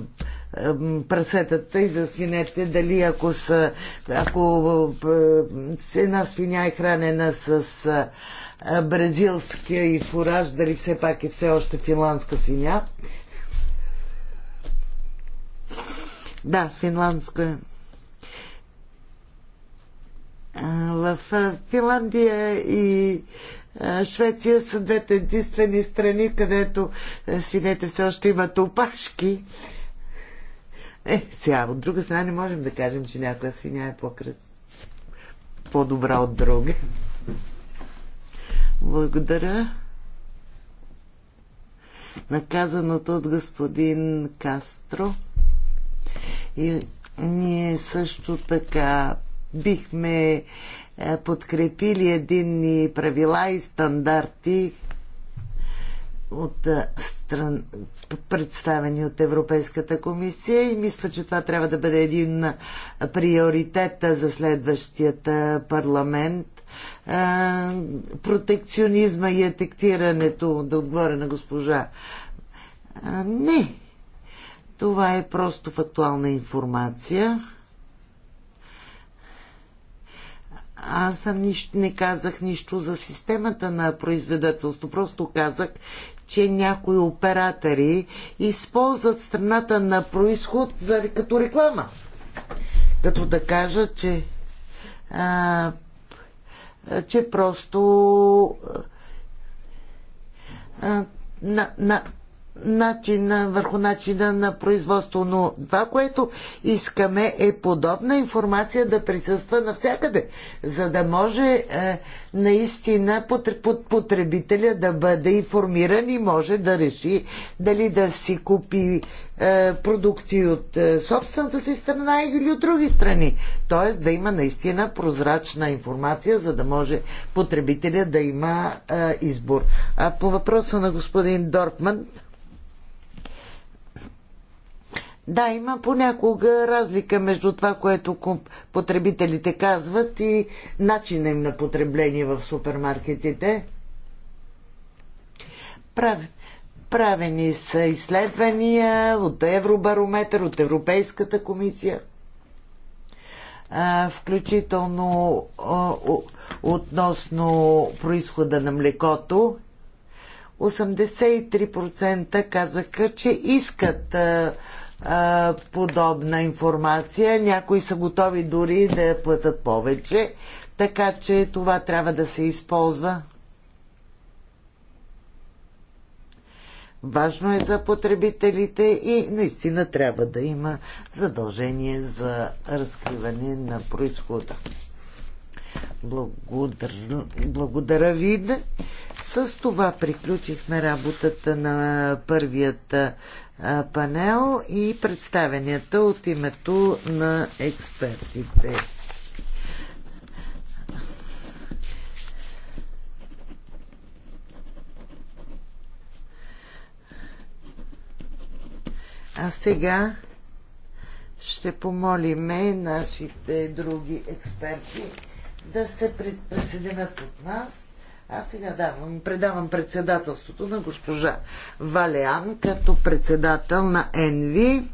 прасетата и за свинете, дали ако, са, ако една свиня е хранена с бразилския и фураж, дали все пак е все още финландска свиня. Да, финландска. В Финландия и Швеция са двете единствени страни, където свинете все още имат опашки. Е, сега, от друга страна не можем да кажем, че някоя свиня е по-кръс. по-добра от друга. Благодаря наказаното от господин Кастро. И ние също така бихме е, подкрепили единни правила и стандарти от е, стран, представени от Европейската комисия и мисля, че това трябва да бъде един приоритет за следващията е, парламент протекционизма и етектирането, да отговоря на госпожа. не. Това е просто фактуална информация. Аз съм нищо, не казах нищо за системата на произведателство. Просто казах, че някои оператори използват страната на происход за, като реклама. Като да кажа, че а, че просто а, на, на, начина, върху начина на производство. Но това, което искаме е подобна информация да присъства навсякъде, за да може е, наистина потребителя да бъде информиран и може да реши дали да си купи е, продукти от е, собствената си страна или от други страни. Тоест да има наистина прозрачна информация, за да може потребителя да има е, избор. А по въпроса на господин Дорфман, да, има понякога разлика между това, което потребителите казват и начина им на потребление в супермаркетите. Правени са изследвания от Евробарометър, от Европейската комисия, включително относно происхода на млекото 83% казаха, че искат а, подобна информация. Някои са готови дори да платят повече, така че това трябва да се използва. Важно е за потребителите и наистина трябва да има задължение за разкриване на происхода. Благодар... Благодаря ви. С това приключихме работата на първията панел и представенията от името на експертите. А сега ще помолиме нашите други експерти да се присъединят от нас. А сега давам, предавам председателството на госпожа Валеан като председател на ЕНВИ.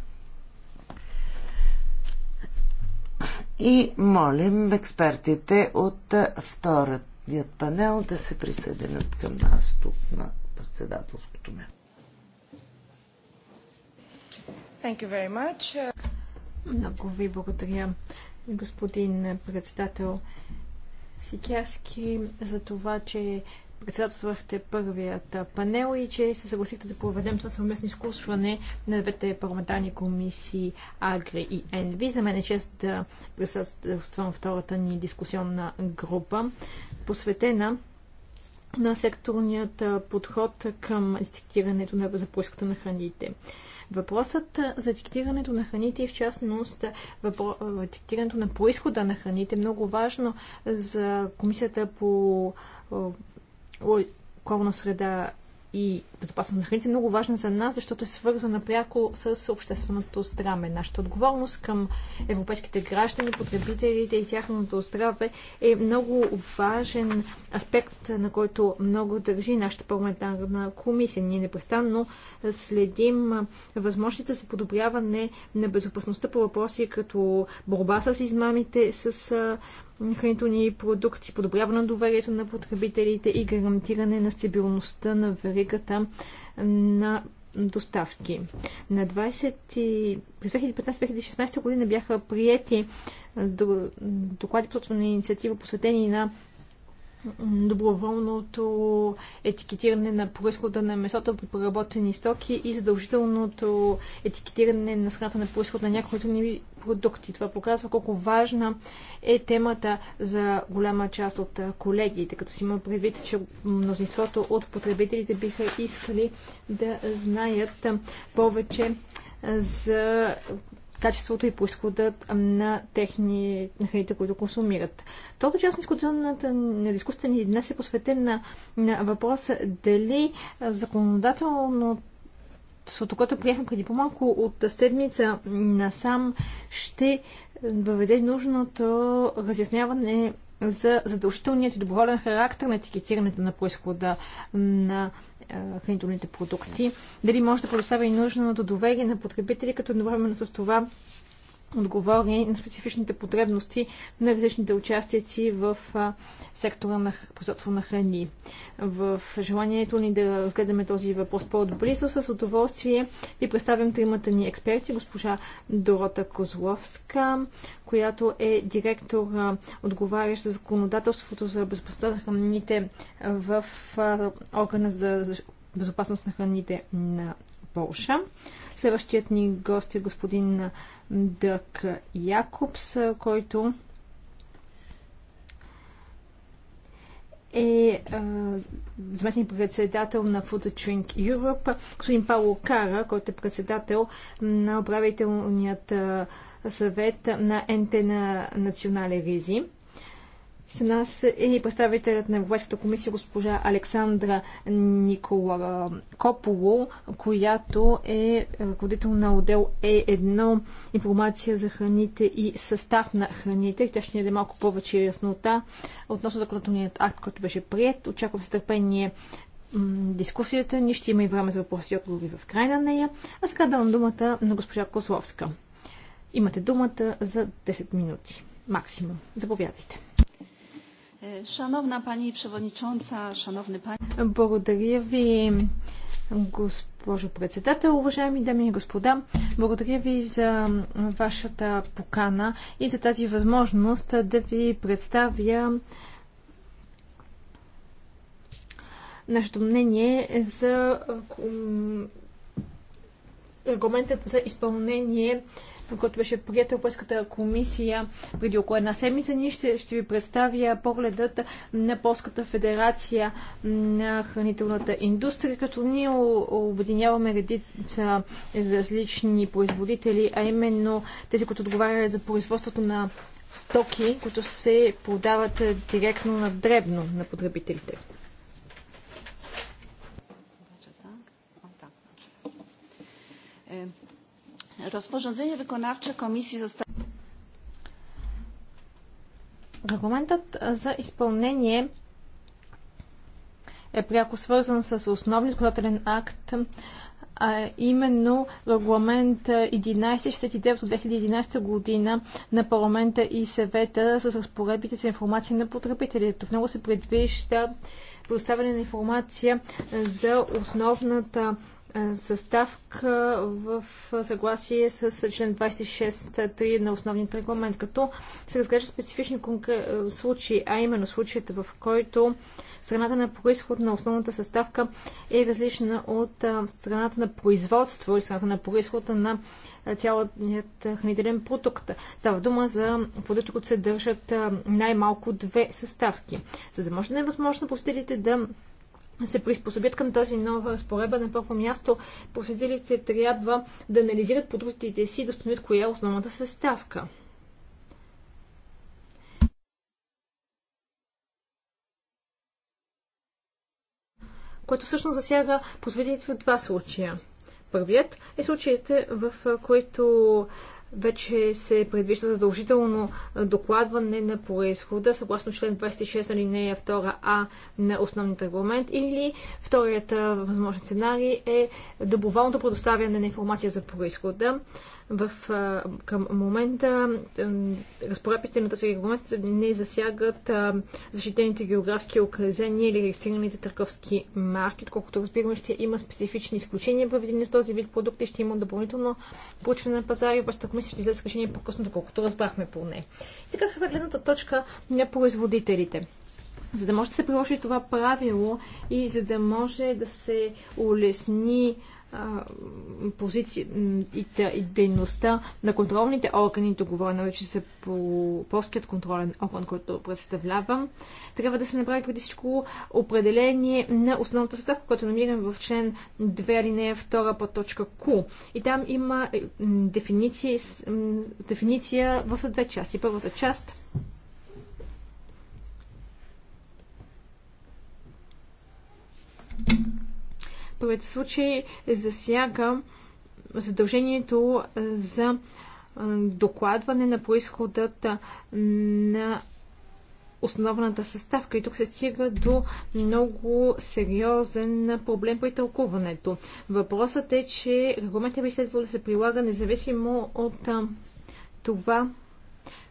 И молим експертите от вторият панел да се присъединят към нас тук на председателското ме.
Много ви благодаря, господин председател. Сикерски за това, че председателствахте първият панел и че се съгласихте да проведем това съвместно изкушване на двете парламентарни комисии Агри и Енви. За мен е чест да председателствам втората ни дискусионна група, посветена на секторният подход към етикетирането на за на храните. Въпросът за етикетирането на храните и в частност въпро... етикетирането на происхода на храните е много важно за Комисията по околна среда и безопасност на храните е много важна за нас, защото е свързана пряко с общественото здраве. Нашата отговорност към европейските граждани, потребителите и тяхното здраве е много важен аспект, на който много държи нашата парламентарна комисия. Ние непрестанно следим възможностите за подобряване на безопасността по въпроси като борба с измамите, с хранителни продукти, подобряване на доверието на потребителите и гарантиране на стабилността на веригата на доставки. На 20... През 2015-2016 година бяха приети доклади, посочвани на инициатива, посветени на доброволното етикетиране на происхода на месото при преработени стоки и задължителното етикетиране на страната на происхода на някои от продукти. Това показва колко важна е темата за голяма част от колегите, като си има предвид, че мнозинството от потребителите биха искали да знаят повече за качеството и происходът на техни на храните, които консумират. Този част на дискусията ни днес е посветен на, на въпроса дали законодателното Сото, което приехме преди по-малко от седмица насам, ще въведе нужното разясняване за задължителният и доброволен характер на етикетирането на происхода на хранителните продукти, дали може да предоставя и нужното доверие на потребители, като едновременно с това отговори на специфичните потребности на различните участици в сектора на производство на храни. В желанието ни да разгледаме този въпрос по-отблизо, с удоволствие ви представям тримата ни експерти, госпожа Дорота Козловска, която е директор, отговарящ за законодателството за безопасността на храните в органа за безопасност на храните на Полша. Следващият ни гост е господин Дък Якобс, който е заместник председател на Food Drink Europe, господин Павло Кара, който е председател на управителният съвет на НТ на национален ризи. С нас е и представителят на Европейската комисия госпожа Александра Никола Кополо, която е ръководител на отдел Е1 информация за храните и състав на храните. Тя ще ни даде малко повече яснота относно законодателният акт, който беше прият. Очаквам с търпение дискусията. Ние ще има и време за въпроси и отговори в край на нея. А сега давам думата на госпожа Кословска. Имате думата за 10 минути максимум. Заповядайте. Шановна пани Преводничонца, шановни пани... Благодаря ви, госпожо председател, уважаеми дами и господа. Благодаря ви за вашата покана и за тази възможност да ви представя нашето мнение за регламентът за изпълнение който беше прият Европейската комисия преди около една седмица, ние ще, ще ви представя погледът на Полската федерация на хранителната индустрия, като ние обединяваме редица различни производители, а именно тези, които отговарят за производството на стоки, които се продават директно на дребно на потребителите. виконавча комисия комисии zostało... Регламентът за изпълнение е пряко свързан с основния законодателен акт, а именно регламент 1169 от 2011 година на парламента и съвета с разпоредбите за информация на потребителите. В него се предвижда предоставяне на информация за основната съставка в съгласие с член 26.3 на основния регламент, като се разглежда специфични случаи, а именно случаите, в който страната на происход на основната съставка е различна от страната на производство и страната на происхода на цялият хранителен продукт. Става дума за продукти, които се държат най-малко две съставки. За да може да е възможно да се приспособят към тази нова разпоредба. На първо място, посетителите трябва да анализират продуктите си и да установят коя е основната съставка. което всъщност засяга посетителите в два случая. Първият е случаите, в които вече се предвижда задължително докладване на происхода, съгласно член 26 алинея 2а на основният регламент. Или вторият възможен сценарий е доброволното предоставяне на информация за происхода. В, към момента разпоредбите на този регламент не засягат защитените географски указания или регистрираните търговски марки. Колкото разбираме, ще има специфични изключения, проведени с този вид продукти, ще има допълнително получване на пазари, вашата мисля, ще излезе с решение по-късно, доколкото разбрахме не. И така, каква е гледната точка на производителите? За да може да се приложи това правило и за да може да се улесни позиция и, дейността на контролните органи, договорено вече за по полският контролен орган, който представлявам, трябва да се направи преди всичко определение на основната съставка, която намирам в член 2 алинея 2 по точка Q. И там има е, дефиниция, дефиниция в две части. Първата част Thank you първият случай засяга задължението за докладване на происходът на основната съставка. И тук се стига до много сериозен проблем при тълкуването. Въпросът е, че регламентът би следвало да се прилага независимо от това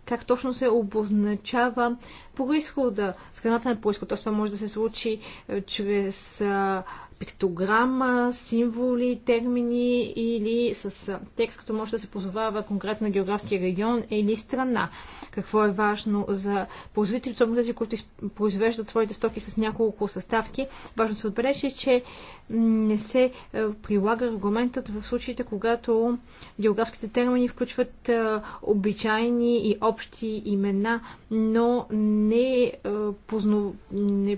как точно се обозначава происхода, страната на происход. Тоест това може да се случи чрез а, пиктограма, символи, термини или с текст, като може да се позовава конкретно на географския регион или страна. Какво е важно за производителите, особено тези, които произвеждат своите стоки с няколко съставки. Важно се отбележи, че не се прилага регламентът в случаите, когато географските термини включват обичайни и общи имена, но не, позно... не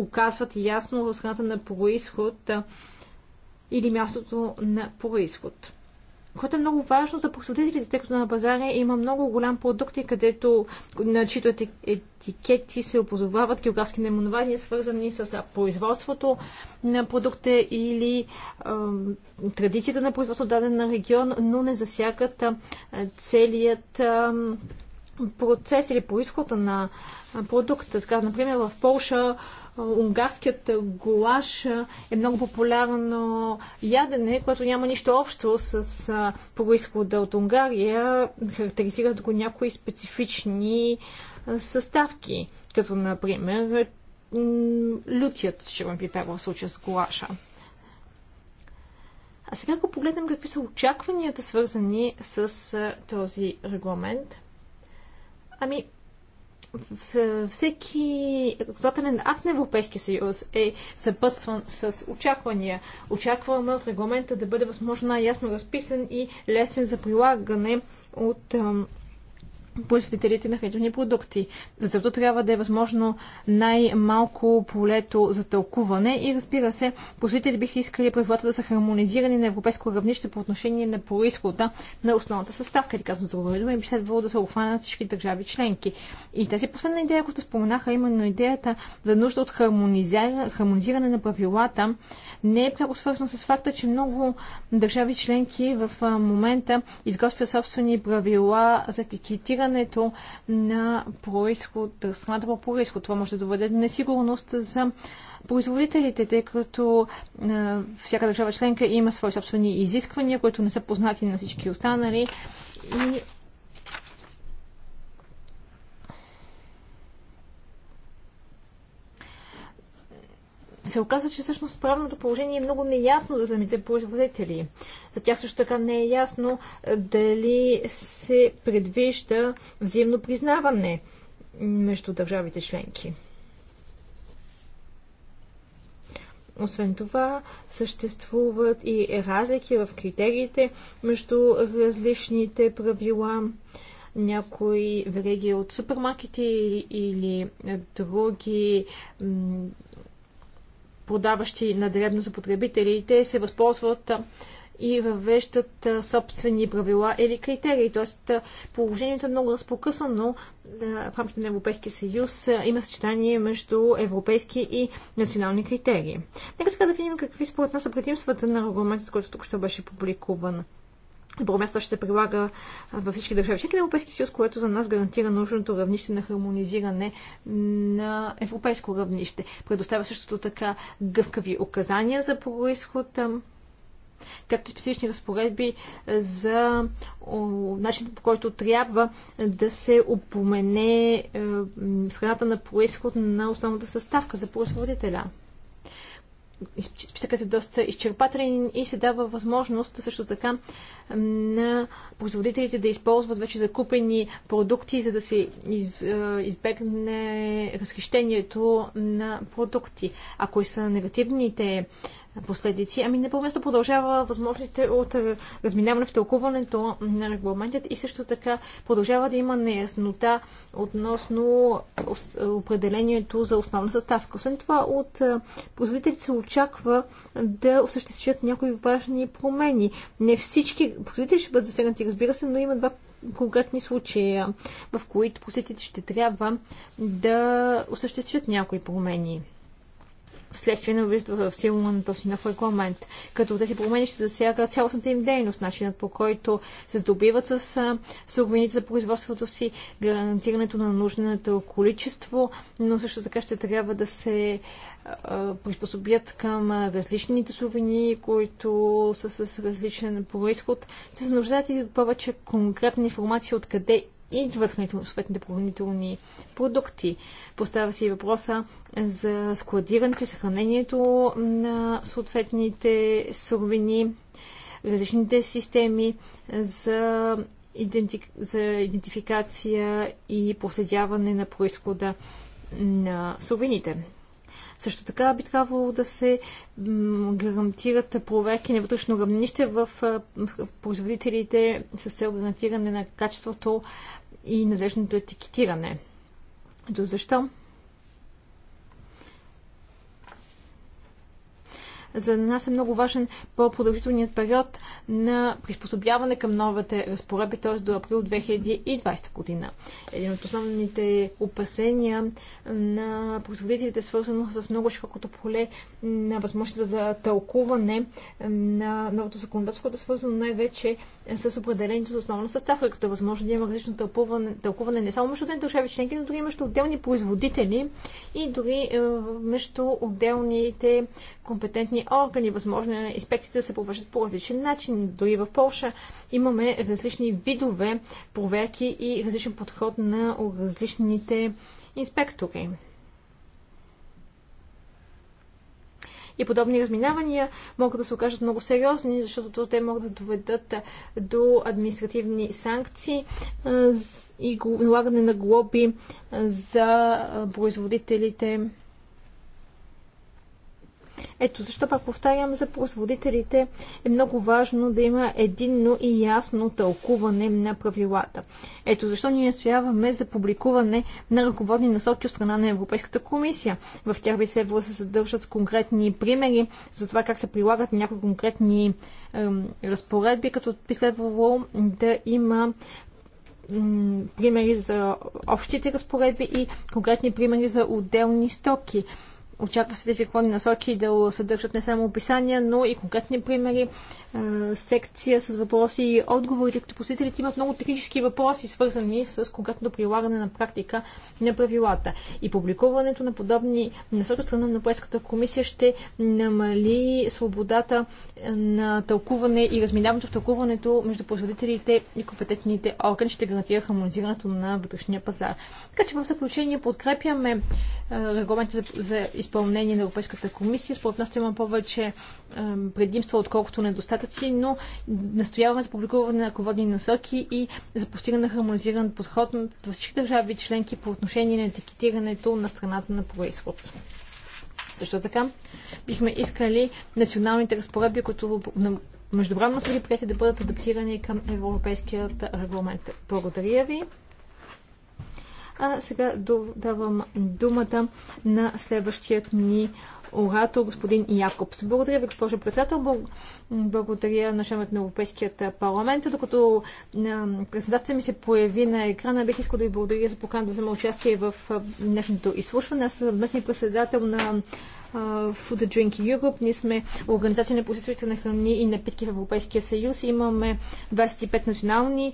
оказват ясно страната на происход или мястото на происход. Което е много важно за производителите, тъй като на пазара има много голям продукти, където на чието етикети се опозовават географски наименования, свързани с производството на продукта или е, традицията на производство в даден регион, но не засягат е, целият е, процес или происхода на продукта. Така, например, в Полша унгарският голаш е много популярно ядене, което няма нищо общо с происхода от Унгария. Характеризират го някои специфични съставки, като например лютият червен пипер в случая с голаша. А сега, ако погледнем какви са очакванията, свързани с този регламент, ами всеки законодателен акт на Европейския съюз е съпътстван с очаквания. Очакваме от регламента да бъде възможно най-ясно разписан и лесен за прилагане от производителите на хранителни продукти. Затова трябва да е възможно най-малко полето за тълкуване и разбира се, производители биха искали правилата да са хармонизирани на европейско равнище по отношение на происхода на основната съставка, или казано друго време, и би следвало да се обхванат всички държави членки. И тази последна идея, която споменаха, именно идеята за нужда от хармонизиране на правилата, не е пряко свързана с факта, че много държави членки в момента изготвят собствени правила за етикетиране маркирането на происход, страната по происход. Това може да доведе до несигурност за производителите, тъй като всяка държава членка има свои собствени изисквания, които не са познати на всички останали и се оказва, че всъщност правното положение е много неясно за самите производители. За тях също така не е ясно е, дали се предвижда взаимно признаване между държавите членки. Освен това, съществуват и разлики в критериите между различните правила. Някои вериги от супермаркети или други продаващи на дребно за потребителите, се възползват и въвеждат собствени правила или критерии. Тоест положението е много разпокъсано в рамките на Европейския съюз. Има съчетание между европейски и национални критерии. Нека сега да видим какви според нас са предимствата на регламента, който тук ще беше публикуван. Промеса ще се прилага във всички държави членки на Европейския съюз, което за нас гарантира нужното равнище на хармонизиране на европейско равнище. Предоставя същото така гъвкави указания за происход, както и специфични разпоредби за начинът по който трябва да се опомене е, страната на происход на основната съставка за производителя списъкът е доста изчерпателен и се дава възможност също така на производителите да използват вече закупени продукти, за да се из, избегне разхищението на продукти. Ако са негативните последици. Ами на по-место продължава възможностите от е, разминаване в тълкуването на регламентът и също така продължава да има неяснота относно определението за основна съставка. Освен това, от е, производителите се очаква да осъществят някои важни промени. Не всички производители ще бъдат засегнати, разбира се, но има два конкретни случаи, в които посетите ще трябва да осъществят някои промени вследствие на влизането в сила на този нов регламент. Като тези промени ще засягат цялостната им дейност, начинът по който се здобиват с суровините за производството си, гарантирането на нужното количество, но също така ще трябва да се приспособят към различните суровини, които са с различен происход, ще се нуждаят и повече конкретна информация откъде идват съответните хранителни продукти. Поставя се и въпроса за складирането и съхранението на съответните суровини, различните системи за, иденти... за идентификация и проследяване на происхода на суровините. Също така би трябвало да се гарантират проверки на вътрешно равнище в производителите с цел гарантиране на качеството и надежното етикетиране. До защо? за нас е много важен по-продължителният период на приспособяване към новите разпоредби, т.е. до април 2020 година. Един от основните опасения на производителите е свързано с много широкото поле на възможност за тълкуване на новото законодателство, което е свързано най-вече с определението за основна съставка, като е възможно да има различно тълкуване, тълкуване не само между държави членки, но дори между отделни производители и дори е, между отделните компетентни държавни органи. Възможно е инспекциите да се повършат по различен начин. Дори в Польша имаме различни видове проверки и различен подход на различните инспектори. и подобни разминавания могат да се окажат много сериозни, защото те могат да доведат до административни санкции и налагане на глоби за производителите ето защо пак повтарям, за производителите е много важно да има единно и ясно тълкуване на правилата. Ето защо ние настояваме за публикуване на ръководни насоки от страна на Европейската комисия. В тях би се да се съдържат конкретни примери за това как се прилагат някои конкретни е, разпоредби, като би следвало да има примери за общите разпоредби и конкретни примери за отделни стоки. Очаква се тези ръководни насоки да съдържат не само описания, но и конкретни примери секция с въпроси и отговори, тъй като посетителите имат много технически въпроси, свързани с конкретното прилагане на практика на правилата. И публикуването на подобни насоки страна на Европейската комисия ще намали свободата на тълкуване и разминаването в тълкуването между производителите и компетентните органи, ще гарантира хармонизирането на вътрешния пазар. Така че в заключение подкрепяме регламент за, за изпълнение на Европейската комисия. Според нас има повече предимства, отколкото недостатъци факти, но настояваме за публикуване на ръководни насоки и за постигане на хармонизиран подход във всички държави членки по отношение на етикетирането на страната на происход. Също така бихме искали националните разпоредби, които междуправно са ги прияти да бъдат адаптирани към европейският регламент. Благодаря ви. А сега давам думата на следващият ни оратор господин Якобс. Благодаря ви, госпожо председател. Благодаря на шамът на Европейският парламент. Докато председателя ми се появи на екрана, бих искал да ви благодаря за поканата за участие в днешното изслушване. Аз съм местни председател на Food Drink Europe. Ние сме организация на производителите на храни и напитки в Европейския съюз. Имаме 25 национални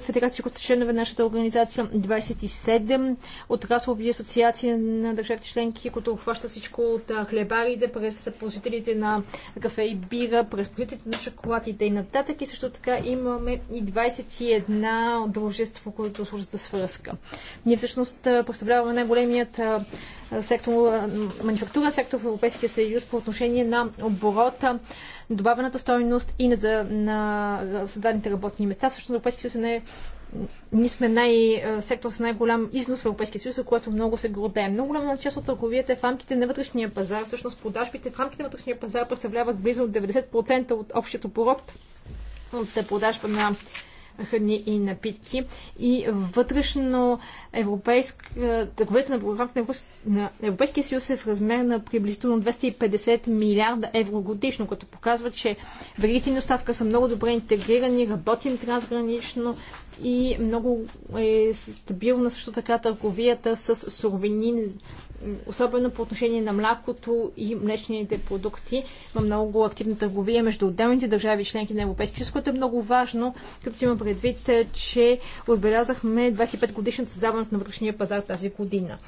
федерации, които са членове на нашата организация, 27 отраслови асоциации на държавите членки, които обхващат всичко от хлебарите през производителите на кафе и бира, през производителите на шоколадите и нататък. И също така имаме и 21 дружества, които служат за свръзка. Ние всъщност представляваме най-големият сектор манифактура, сектор в Европейския съюз по отношение на оборота, добавената стойност и на, на създадените работни места. Всъщност Европейския съюз не е ние сме най, сектор с най-голям износ в Европейския съюз, за което много се гордеем. Много голяма част от търговията е в рамките на вътрешния пазар. Всъщност продажбите в рамките на вътрешния пазар представляват близо 90% от общия оборот от продажба на храни и напитки и вътрешно европейска, на програмата на Европейския съюз е в размер на приблизително 250 милиарда евро годишно, което показва, че веригите на доставка са много добре интегрирани, работим трансгранично и много е стабилна също така търговията с суровини, особено по отношение на млякото и млечните продукти. Има много активна търговия между отделните държави членки на Европейския съюз, което е много важно, като си има предвид, че отбелязахме 25 годишното създаване на вътрешния пазар тази година.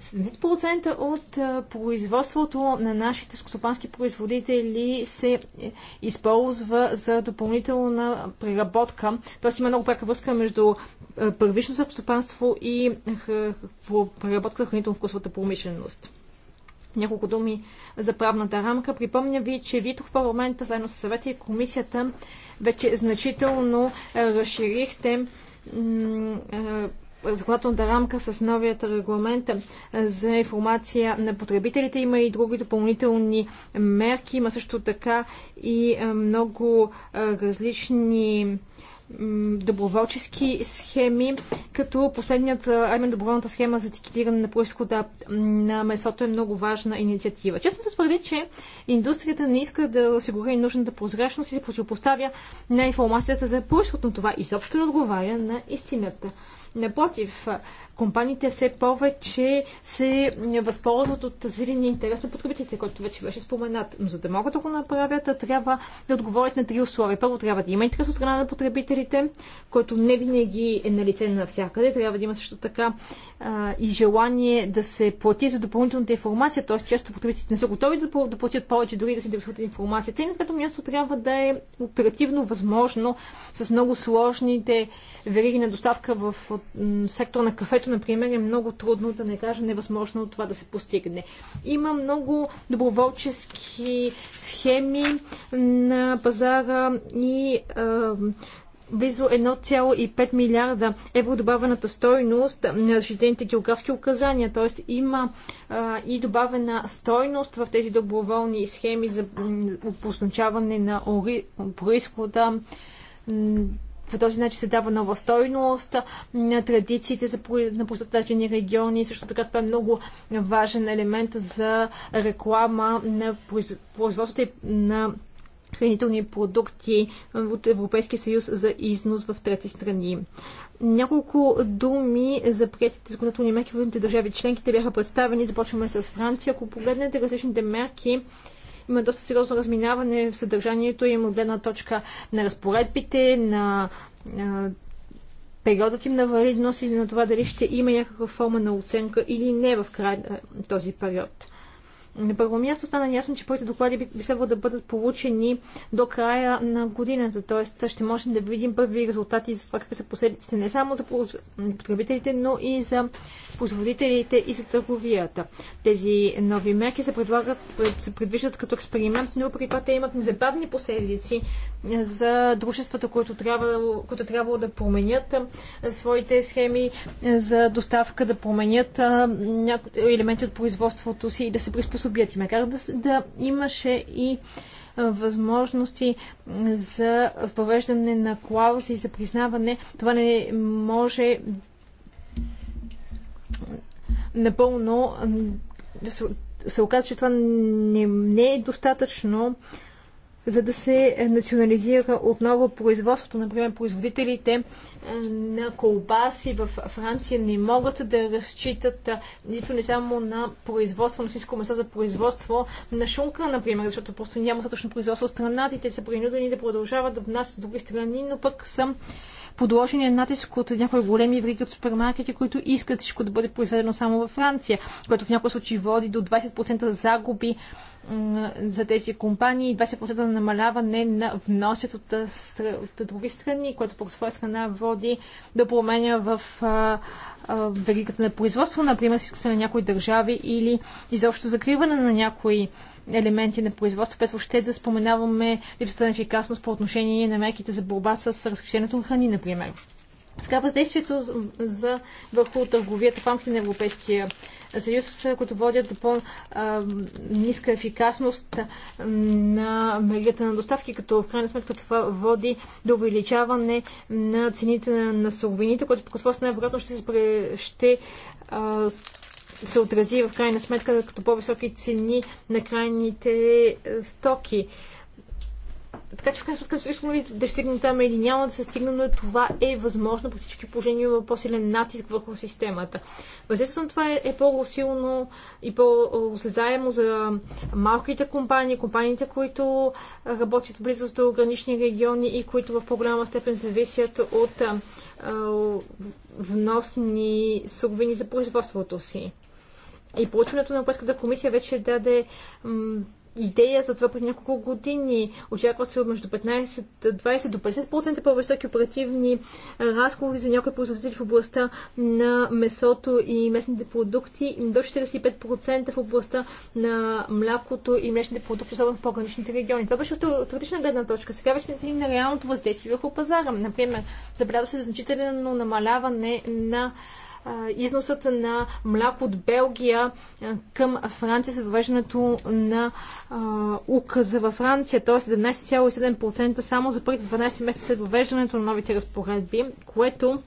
70% от производството на нашите скотопански производители се е, използва за допълнителна преработка. Т.е. има много пряка връзка между първично скотопанство и преработка на хранително-вкусовата промишленост. Няколко думи за правната рамка. Припомня ви, че ви тук в парламента, заедно с съвета и комисията, вече значително разширихте законодателната рамка с новият регламент за информация на потребителите. Има и други допълнителни мерки. Има също така и е, много е, различни доброволчески схеми, като последният, е, а именно доброволната схема за етикетиране на происхода на месото е много важна инициатива. Честно се твърди, че индустрията не иска да осигури нужната прозрачност и се противопоставя на информацията за происход, но това изобщо не отговаря на истината. Напротив, компаниите все повече се възползват от зеления интерес на потребителите, който вече беше споменат. Но за да могат да го направят, трябва да отговорят на три условия. Първо, трябва да има интерес от страна на потребителите, който не винаги е на лице навсякъде. Трябва да има също така а, и желание да се плати за допълнителната информация, т.е. често потребителите не са готови да, да платят повече, дори да се интересуват информацията. И на трето място трябва да е оперативно възможно с много сложните вериги на доставка в сектора на кафето което, например, е много трудно, да не кажа невъзможно това да се постигне. Има много доброволчески схеми на пазара и а, близо 1,5 милиарда евро добавената стойност на защитените географски указания. Т.е. има а, и добавена стойност в тези доброволни схеми за обозначаване на происхода по този начин се дава нова стойност на традициите за, на простатачени региони. Също така това е много важен елемент за реклама на производството на хранителни продукти от Европейския съюз за износ в трети страни. Няколко думи за приятите законодателни мерки в държави членките бяха представени. Започваме с Франция. Ако погледнете различните мерки, има доста сериозно разминаване в съдържанието им от гледна точка на разпоредбите, на, периодът им на валидност и на това дали ще има някаква форма на оценка или не в край този период. На първо място стана ясно, че първите доклади би, следвало да бъдат получени до края на годината, т.е. ще можем да видим първи резултати за това какви са последиците не само за потребителите, но и за производителите и за търговията. Тези нови мерки се, предлагат, се предвиждат като експеримент, но при това те имат незабавни последици за дружествата, които трябва, които трябва да променят своите схеми за доставка, да променят елементи от производството си и да се приспособят субекти, макар да, да имаше и възможности за въвеждане на клаузи за признаване, това не може напълно да се, се оказа, че това не, не е достатъчно за да се национализира отново производството. Например, производителите е, на колбаси в Франция не могат да разчитат е, нито не само на производство на свинско месо за производство на шунка, например, защото просто няма достатъчно производство в страната и те са принудени да продължават да внасят от други страни, но пък са подложени на е натиск от някои големи вриги от супермаркети, които искат всичко да бъде произведено само във Франция, което в някои случаи води до 20% загуби за тези компании и 20% намаляване на вносят от, от други страни, което по своя страна води до да променя в а, а, веригата на производство, например, с на някои държави или изобщо закриване на някои елементи на производство, без въобще да споменаваме липсата на ефикасност по отношение на мерките за борба с разхищението на храни, например. Сега въздействието за, върху търговията в рамките на Европейския съюз, които водят до по-ниска ефикасност на мерията на доставки, като в крайна сметка това води до увеличаване на цените на, на суровините, което по късно най вероятно ще, се, ще се отрази в крайна сметка като по-високи цени на крайните е, стоки. Така че в крайна сметка всичко ли да стигне там или няма да се стигне, но това е възможно по всички положения има по-силен натиск върху системата. Възможно това е, е по-силно и по-осезаемо за малките компании, компаниите, които работят в близост до гранични региони и които в по-голяма степен зависят от а, а, вносни суровини за производството си. И получването на Европейската комисия вече даде идея за това преди няколко години. Очаква се между 15, 20 до 50% по-високи оперативни разходи за някои производители в областта на месото и местните продукти, до 45% в областта на млякото и млечните продукти, особено в пограничните региони. Това беше от теоретична гледна точка. Сега вече сме на реалното въздействие върху пазара. Например, забелязва се значително намаляване на износът на мляко от Белгия към Франция за въвеждането на указа във Франция, т.е. 17,7% само за първите 12 месеца след въвеждането на новите разпоредби, което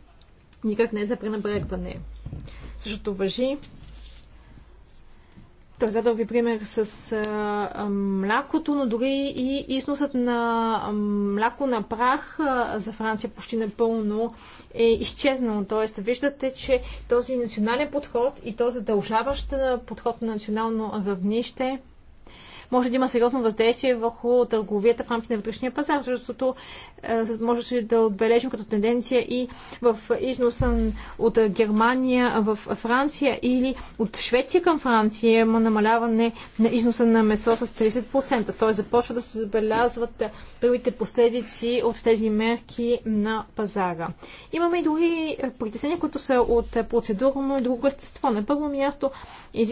никак не е за пренебрегване. Същото въжи той задал ви пример с а, млякото, но дори и износът на мляко на прах а, за Франция почти напълно е изчезнал. Тоест, виждате, че този национален подход и този задължаващ подход на национално равнище може да има сериозно въздействие върху търговията в рамките на вътрешния пазар, защото е, може да отбележим като тенденция и в износа от Германия в Франция или от Швеция към Франция има намаляване на износа на месо с 30%. Т.е. започва да се забелязват първите последици от тези мерки на пазара. Имаме и други притеснения, които са от процедурно и друго естество. На първо място е, е,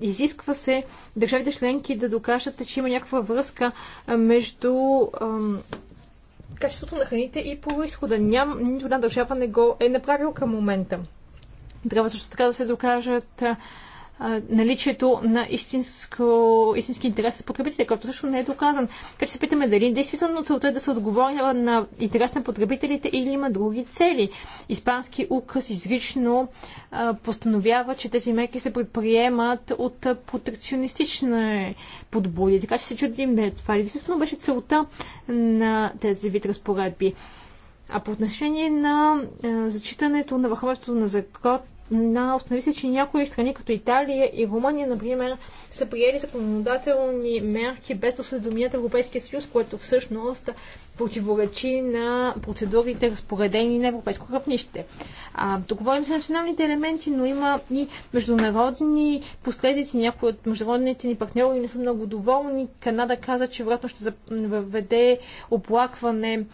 изисква се държавите членки членки да докажат, че има някаква връзка между качеството на храните и происхода. Ням, нито една държава не го е направил към момента. Трябва също така да се докажат наличието на истинско, истински интерес от потребителите, който също не е доказан. Така че се питаме дали действително целта е да се отговори на интерес на потребителите или има други цели. Испански указ изрично а, постановява, че тези мерки се предприемат от протекционистични подбуди. Така че се чудим да е това. Действително беше целта на тези вид разпоредби. А по отношение на а, зачитането на върховенството на закон, на установи се, че някои страни, като Италия и Румъния, например, са приели законодателни мерки без да се Европейския съюз, което всъщност противоречи на процедурите, разпоредени на европейско равнище. А, тук говорим за националните елементи, но има и международни последици. Някои от международните ни партньори не са много доволни. Канада каза, че вероятно ще въведе оплакване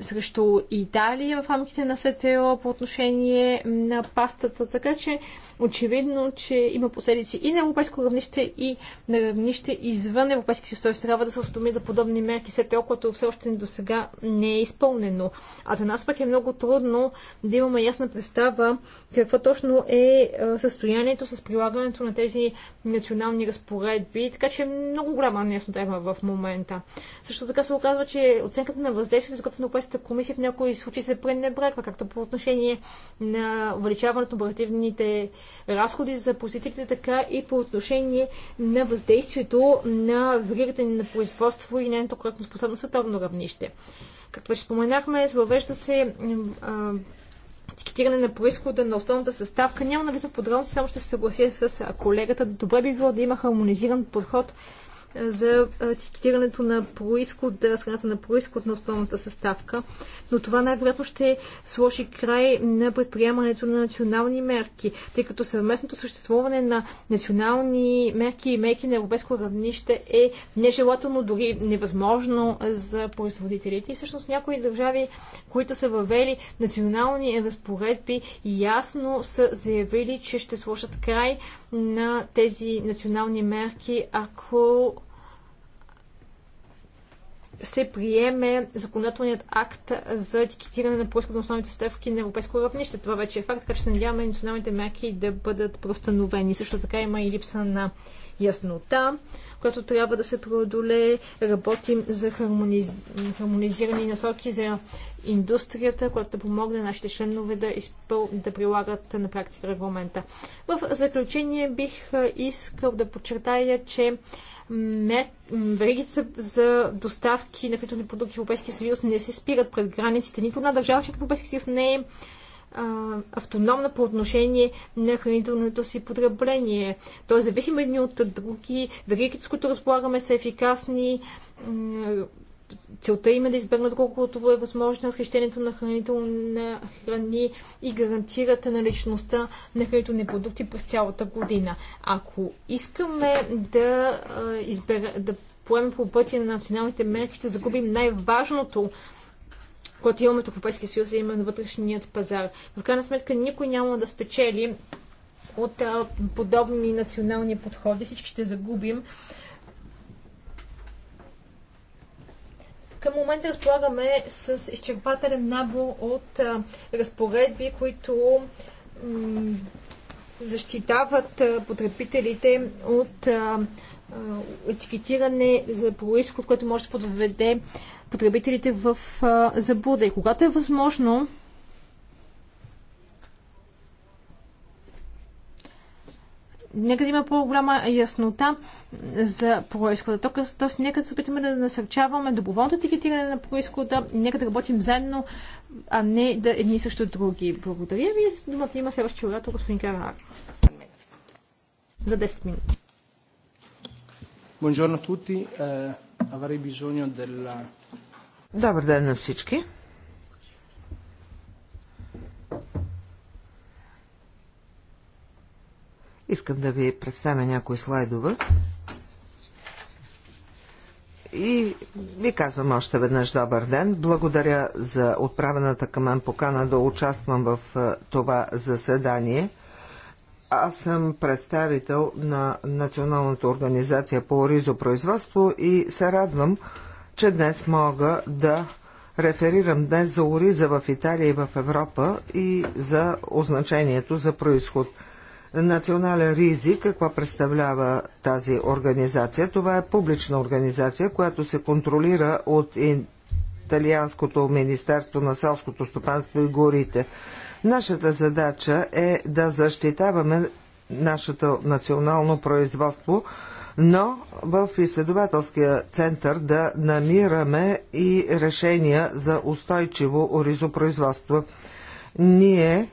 срещу Италия в рамките на СТО по отношение на пастата. Така че очевидно, че има последици и на европейско равнище, и на равнище извън Европейски съюз. Трябва да се установи за подобни мерки след това, което все още до сега не е изпълнено. А за нас пък е много трудно да имаме ясна представа какво точно е състоянието с прилагането на тези национални разпоредби, така че е много голяма неяснота има в момента. Също така се оказва, че оценката на въздействието на Европейската комисия в някои случаи се пренебрегва, както по отношение на увеличаването на оперативните разходи за посетителите, така и по отношение на въздействието на ни на производство и нейната коректна способност на световно равнище. Както вече споменахме, въвежда се а, етикетиране на происхода на основната съставка. Няма да подробности, само ще се съглася с колегата. Добре би било да има хармонизиран подход за етикетирането на происход, страната на происход на основната съставка, но това най-вероятно ще сложи край на предприемането на национални мерки, тъй като съвместното съществуване на национални мерки и мерки на европейско равнище е нежелателно, дори невъзможно за производителите. И всъщност някои държави, които са въвели национални разпоредби, ясно са заявили, че ще сложат край на тези национални мерки, ако се приеме законодателният акт за етикетиране на происход на основните ставки на европейско равнище. Това вече е факт, така че се надяваме националните мерки да бъдат простановени. Също така има и липса на яснота която трябва да се преодолее. Работим за хармониз... хармонизирани насоки за индустрията, която да помогне нашите членове да, изпъл... да прилагат на практика регламента. В заключение бих искал да подчертая, че веригите за доставки на хранителни продукти в Европейския съюз не се спират пред границите. Нито една държава в Европейския съюз не е автономна по отношение на хранителното си потребление. Тоест, зависим едни от други, веригите, с които разполагаме, са ефикасни. Целта им е да избегнат колкото е възможно разхищението на хранителни храни и гарантират наличността на хранителни продукти през цялата година. Ако искаме да, избера, да поемем по пътя на националните мерки, ще загубим най-важното който имаме от Европейския съюз, а именно вътрешният пазар. В крайна сметка никой няма да спечели от а, подобни национални подходи. Всички ще загубим. Към момента разполагаме с изчерпателен набор от а, разпоредби, които защитават а, потребителите от етикетиране за происход, което може да подведе потребителите в заблуда. И когато е възможно, нека да има по-голяма яснота за происхода. Тоест, нека да се опитаме да насърчаваме доброволното етикетиране на происхода, нека да работим заедно, а не да едни също други. Благодаря ви. Думата има следващия оратор, господин Карар. За 10 минути.
Buongiorno a tutti, eh, avrei bisogno della Добър ден на всички. Искам да ви представя някои слайдове. И ви казвам още веднъж добър ден. Благодаря за отправената към мен покана да участвам в е, това заседание. Аз съм представител на Националната организация по ризопроизводство и се радвам, че днес мога да реферирам днес за ориза в Италия и в Европа и за означението за происход. Национален ризи, какво представлява тази организация? Това е публична организация, която се контролира от Италианското Министерство на селското стопанство и горите. Нашата задача е да защитаваме нашето национално производство – но в изследователския център да намираме и решения за устойчиво оризопроизводство. Ние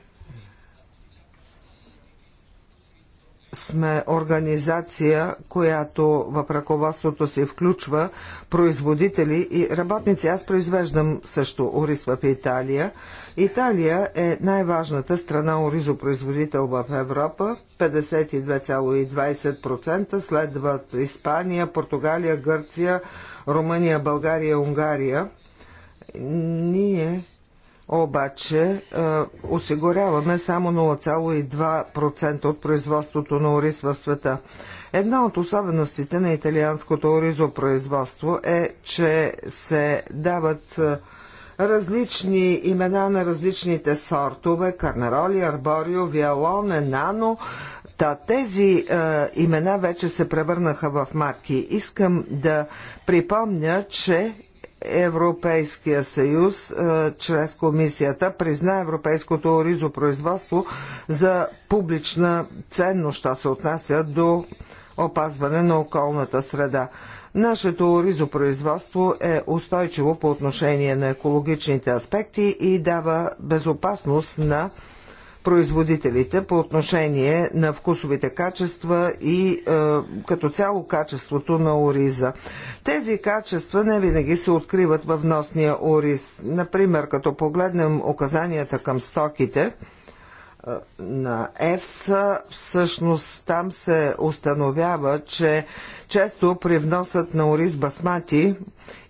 сме организация, която в ръководството се включва производители и работници. Аз произвеждам също ориз в Италия. Италия е най-важната страна оризопроизводител в Европа. 52,20% следват Испания, Португалия, Гърция, Румъния, България, Унгария. Ние обаче е, осигуряваме само 0,2% от производството на ориз в света. Една от особеностите на италианското оризопроизводство е, че се дават е, различни имена на различните сортове карнароли, арборио, виалоне, нано. Та тези е, имена вече се превърнаха в марки. Искам да припомня, че Европейския съюз чрез комисията призна европейското ризопроизводство за публична ценност, що се отнася до опазване на околната среда. Нашето ризопроизводство е устойчиво по отношение на екологичните аспекти и дава безопасност на производителите по отношение на вкусовите качества и е, като цяло качеството на ориза. Тези качества не винаги се откриват във вносния ориз. Например, като погледнем указанията към стоките, е, на ЕФСА, всъщност там се установява, че често при вносът на ориз басмати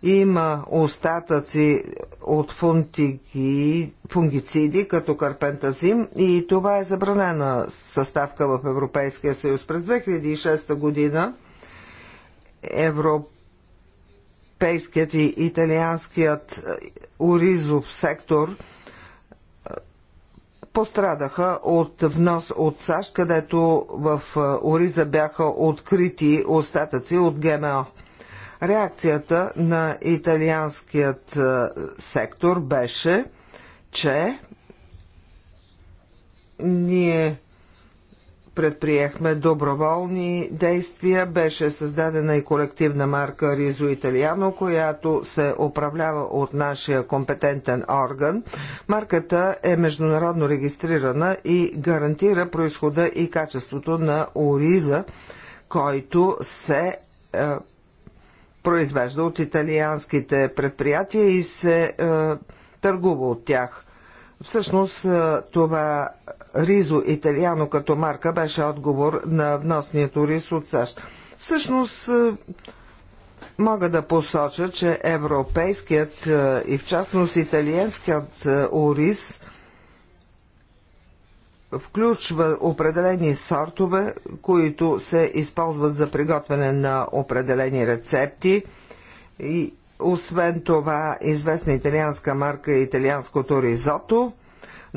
има остатъци от фунтики, фунгициди, като карпентазим и това е забранена съставка в Европейския съюз. През 2006 година европейският и италианският оризов сектор пострадаха от внос от САЩ, където в е, Ориза бяха открити остатъци от ГМО. Реакцията на италианският е, сектор беше, че ние предприехме доброволни действия. Беше създадена и колективна марка Ризо Италиано, която се управлява от нашия компетентен орган. Марката е международно регистрирана и гарантира происхода и качеството на ориза, който се е, произвежда от италианските предприятия и се е, търгува от тях. Всъщност е, това Ризо Италиано като марка беше отговор на вносния турист от САЩ. Всъщност, е, мога да посоча, че европейският е, и в частност италиенският е, ориз включва определени сортове, които се използват за приготвяне на определени рецепти и освен това известна италианска марка е италианското ризото –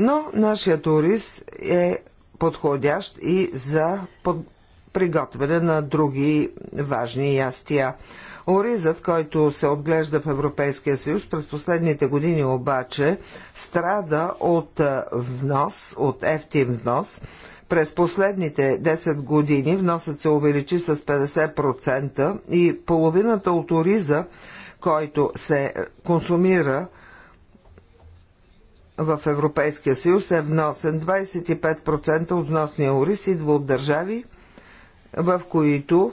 но нашия турист е подходящ и за под... приготвяне на други важни ястия. Оризът, който се отглежда в Европейския съюз през последните години обаче, страда от внос, от ефтин внос. През последните 10 години вносът се увеличи с 50% и половината от ориза, който се консумира в Европейския съюз е вносен. 25% от вносния ориз идва от държави, в които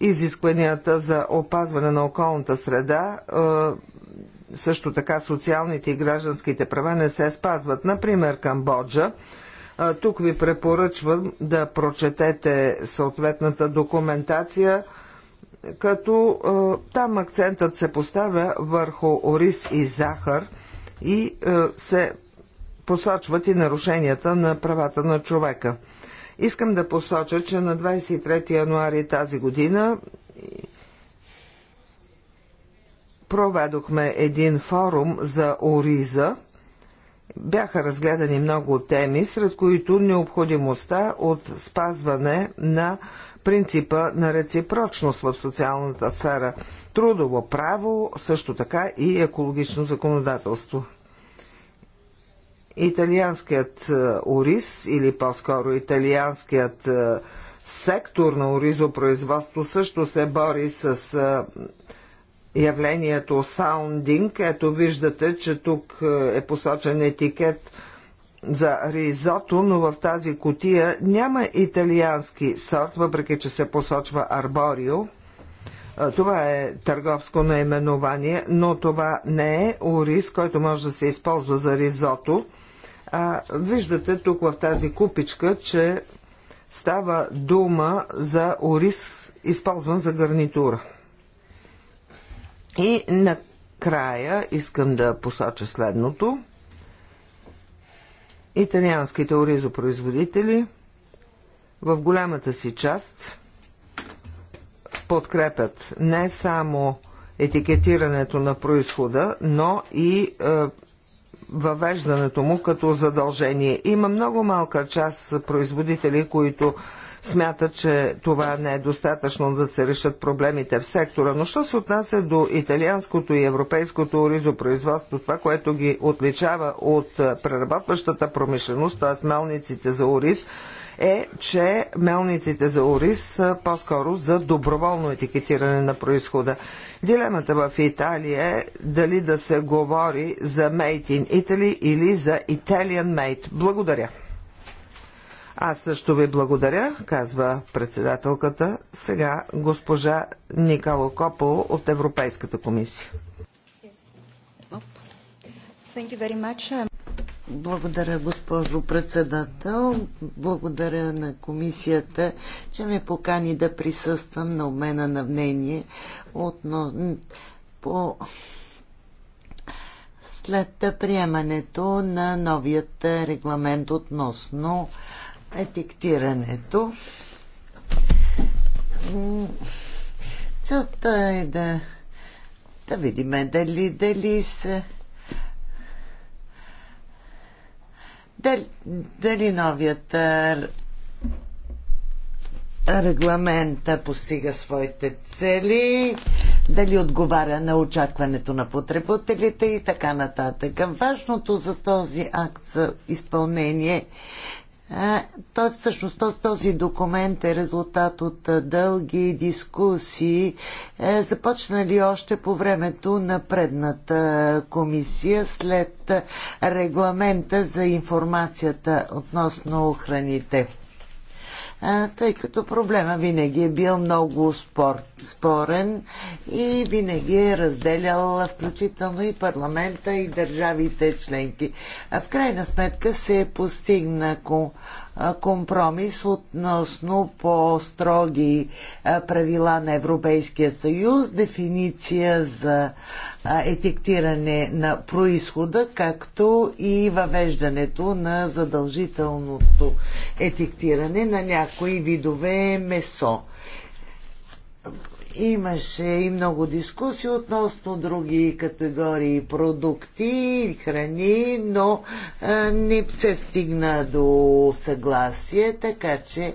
изискванията за опазване на околната среда, също така социалните и гражданските права не се спазват. Например, Камбоджа. Тук ви препоръчвам да прочетете съответната документация, като там акцентът се поставя върху ориз и захар – и е, се посочват и нарушенията на правата на човека. Искам да посоча, че на 23 януари тази година проведохме един форум за Ориза. Бяха разгледани много теми, сред които необходимостта от спазване на принципа на реципрочност в социалната сфера, трудово право, също така и екологично законодателство. Италианският е, ориз или по-скоро италианският е, сектор на оризопроизводство също се бори с е, явлението саундинг. Ето виждате, че тук е посочен етикет – за ризото, но в тази котия няма италиански сорт, въпреки че се посочва арборио. Това е търговско наименование, но това не е ориз, който може да се използва за ризото. А, виждате тук в тази купичка, че става дума за ориз, използван за гарнитура. И накрая искам да посоча следното – Италианските оризопроизводители в голямата си част подкрепят не само етикетирането на происхода, но и е, въвеждането му като задължение. Има много малка част производители, които смята, че това не е достатъчно да се решат проблемите в сектора. Но що се отнася до италианското и европейското оризопроизводство, това, което ги отличава от преработващата промишленост, т.е. мелниците за ориз, е, че мелниците за ориз са по-скоро за доброволно етикетиране на происхода. Дилемата в Италия е дали да се говори за Made in Italy или за Italian Made. Благодаря. Аз също ви благодаря, казва председателката. Сега госпожа Никало Копол от Европейската комисия.
Благодаря, госпожо председател. Благодаря на комисията, че ме покани да присъствам на обмена на мнение относно по след приемането на новият регламент относно етиктирането. Целта е да, да видим дали, дали са дали, дали новият регламента постига своите цели, дали отговаря на очакването на потребителите и така нататък. Важното за този акт за изпълнение той всъщност този документ е резултат от дълги дискусии, е, започнали още по времето на предната комисия след регламента за информацията относно храните тъй като проблема винаги е бил много спор, спорен и винаги е разделял включително и парламента и държавите членки. В крайна сметка се е постигна компромис относно по-строги правила на Европейския съюз, дефиниция за етиктиране на происхода, както и въвеждането на задължителното етиктиране на някои видове месо. Имаше и много дискусии относно други категории продукти, храни, но а, не се стигна до съгласие, така че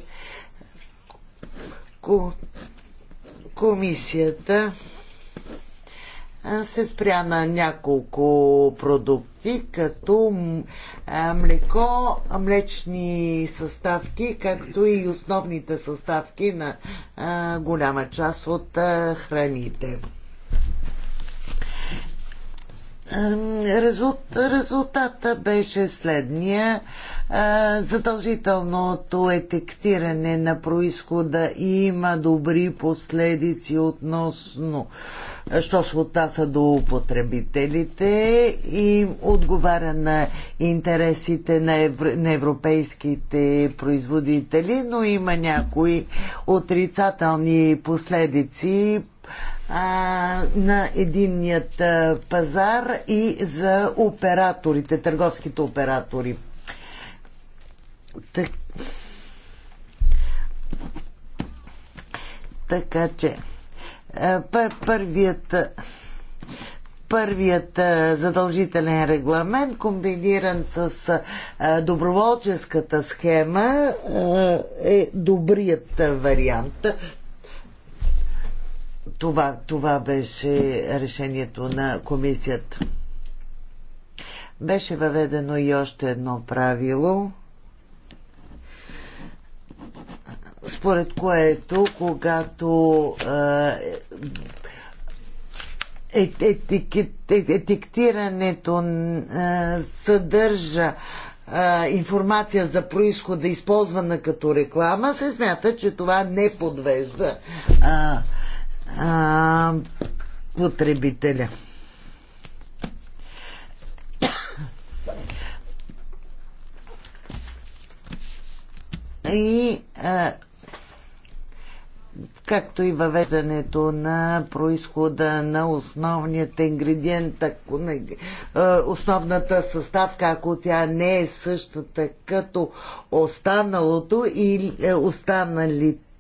комисията се спря на няколко продукти продукти, като млеко, млечни съставки, както и основните съставки на голяма част от храните резултата беше следния. Задължителното етектиране на происхода има добри последици относно що се отнася до употребителите и отговаря на интересите на, евро, на европейските производители, но има някои отрицателни последици на единният пазар и за операторите, търговските оператори. Так... Така че първият първият задължителен регламент, комбиниран с доброволческата схема, е добрият вариант. Това, това беше решението на комисията. Беше въведено и още едно правило, според което, когато е, е, е, етиктирането съдържа информация за происхода, използвана като реклама, се смята, че това не подвежда а, потребителя. И а, както и въвеждането на происхода на основният ингредиент, ако не, основната съставка, ако тя не е същата като останалото или е, останалите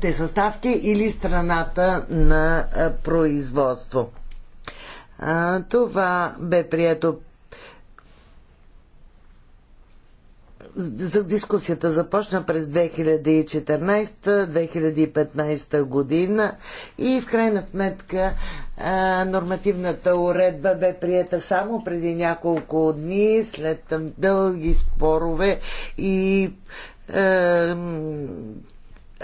те съставки или страната на производство. Това бе прието за дискусията започна през 2014-2015 година и в крайна сметка нормативната уредба бе приета само преди няколко дни след дълги спорове и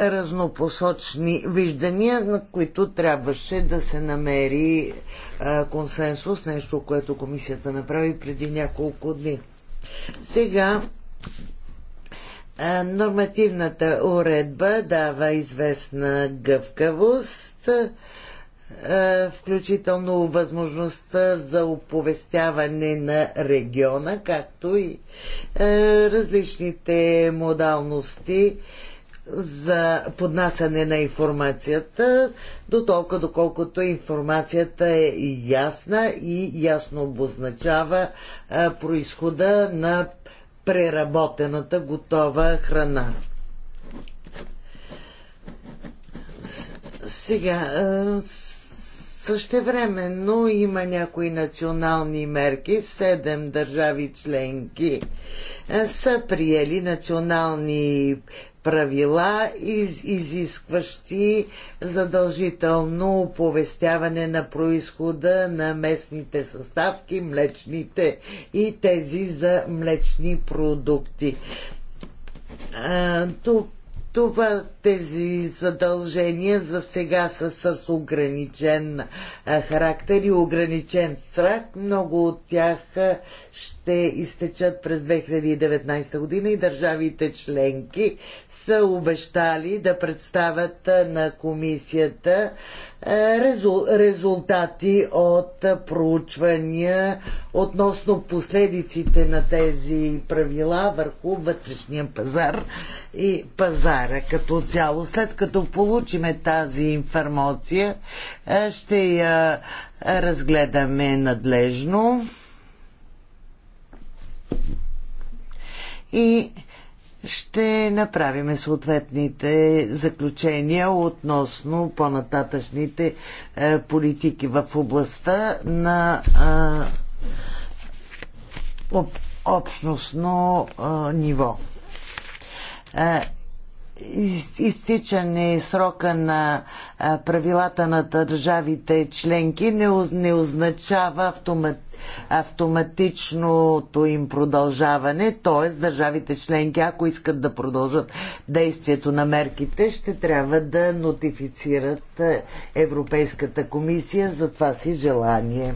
разнопосочни виждания, на които трябваше да се намери а, консенсус, нещо, което комисията направи преди няколко дни. Сега а, нормативната уредба дава известна гъвкавост, а, включително възможността за оповестяване на региона, както и а, различните модалности, а, за поднасяне на информацията, до толкова доколкото информацията е ясна и ясно обозначава а, происхода на преработената готова храна. Сега, същевременно има някои национални мерки. Седем държави членки са приели национални правила, из, изискващи задължително оповестяване на происхода на местните съставки, млечните и тези за млечни продукти. А, това тези задължения за сега са с ограничен характер и ограничен страх. Много от тях ще изтечат през 2019 година и държавите членки са обещали да представят на комисията резултати от проучвания относно последиците на тези правила върху вътрешния пазар и пазара като цяло цяло. След като получиме тази информация, е, ще я разгледаме надлежно. И ще направим съответните заключения относно по-нататъчните е, политики в областта на е, общностно ниво изтичане срока на правилата на държавите членки не, не означава автомат, автоматичното им продължаване, т.е. държавите членки, ако искат да продължат действието на мерките, ще трябва да нотифицират е, Европейската комисия за това си желание.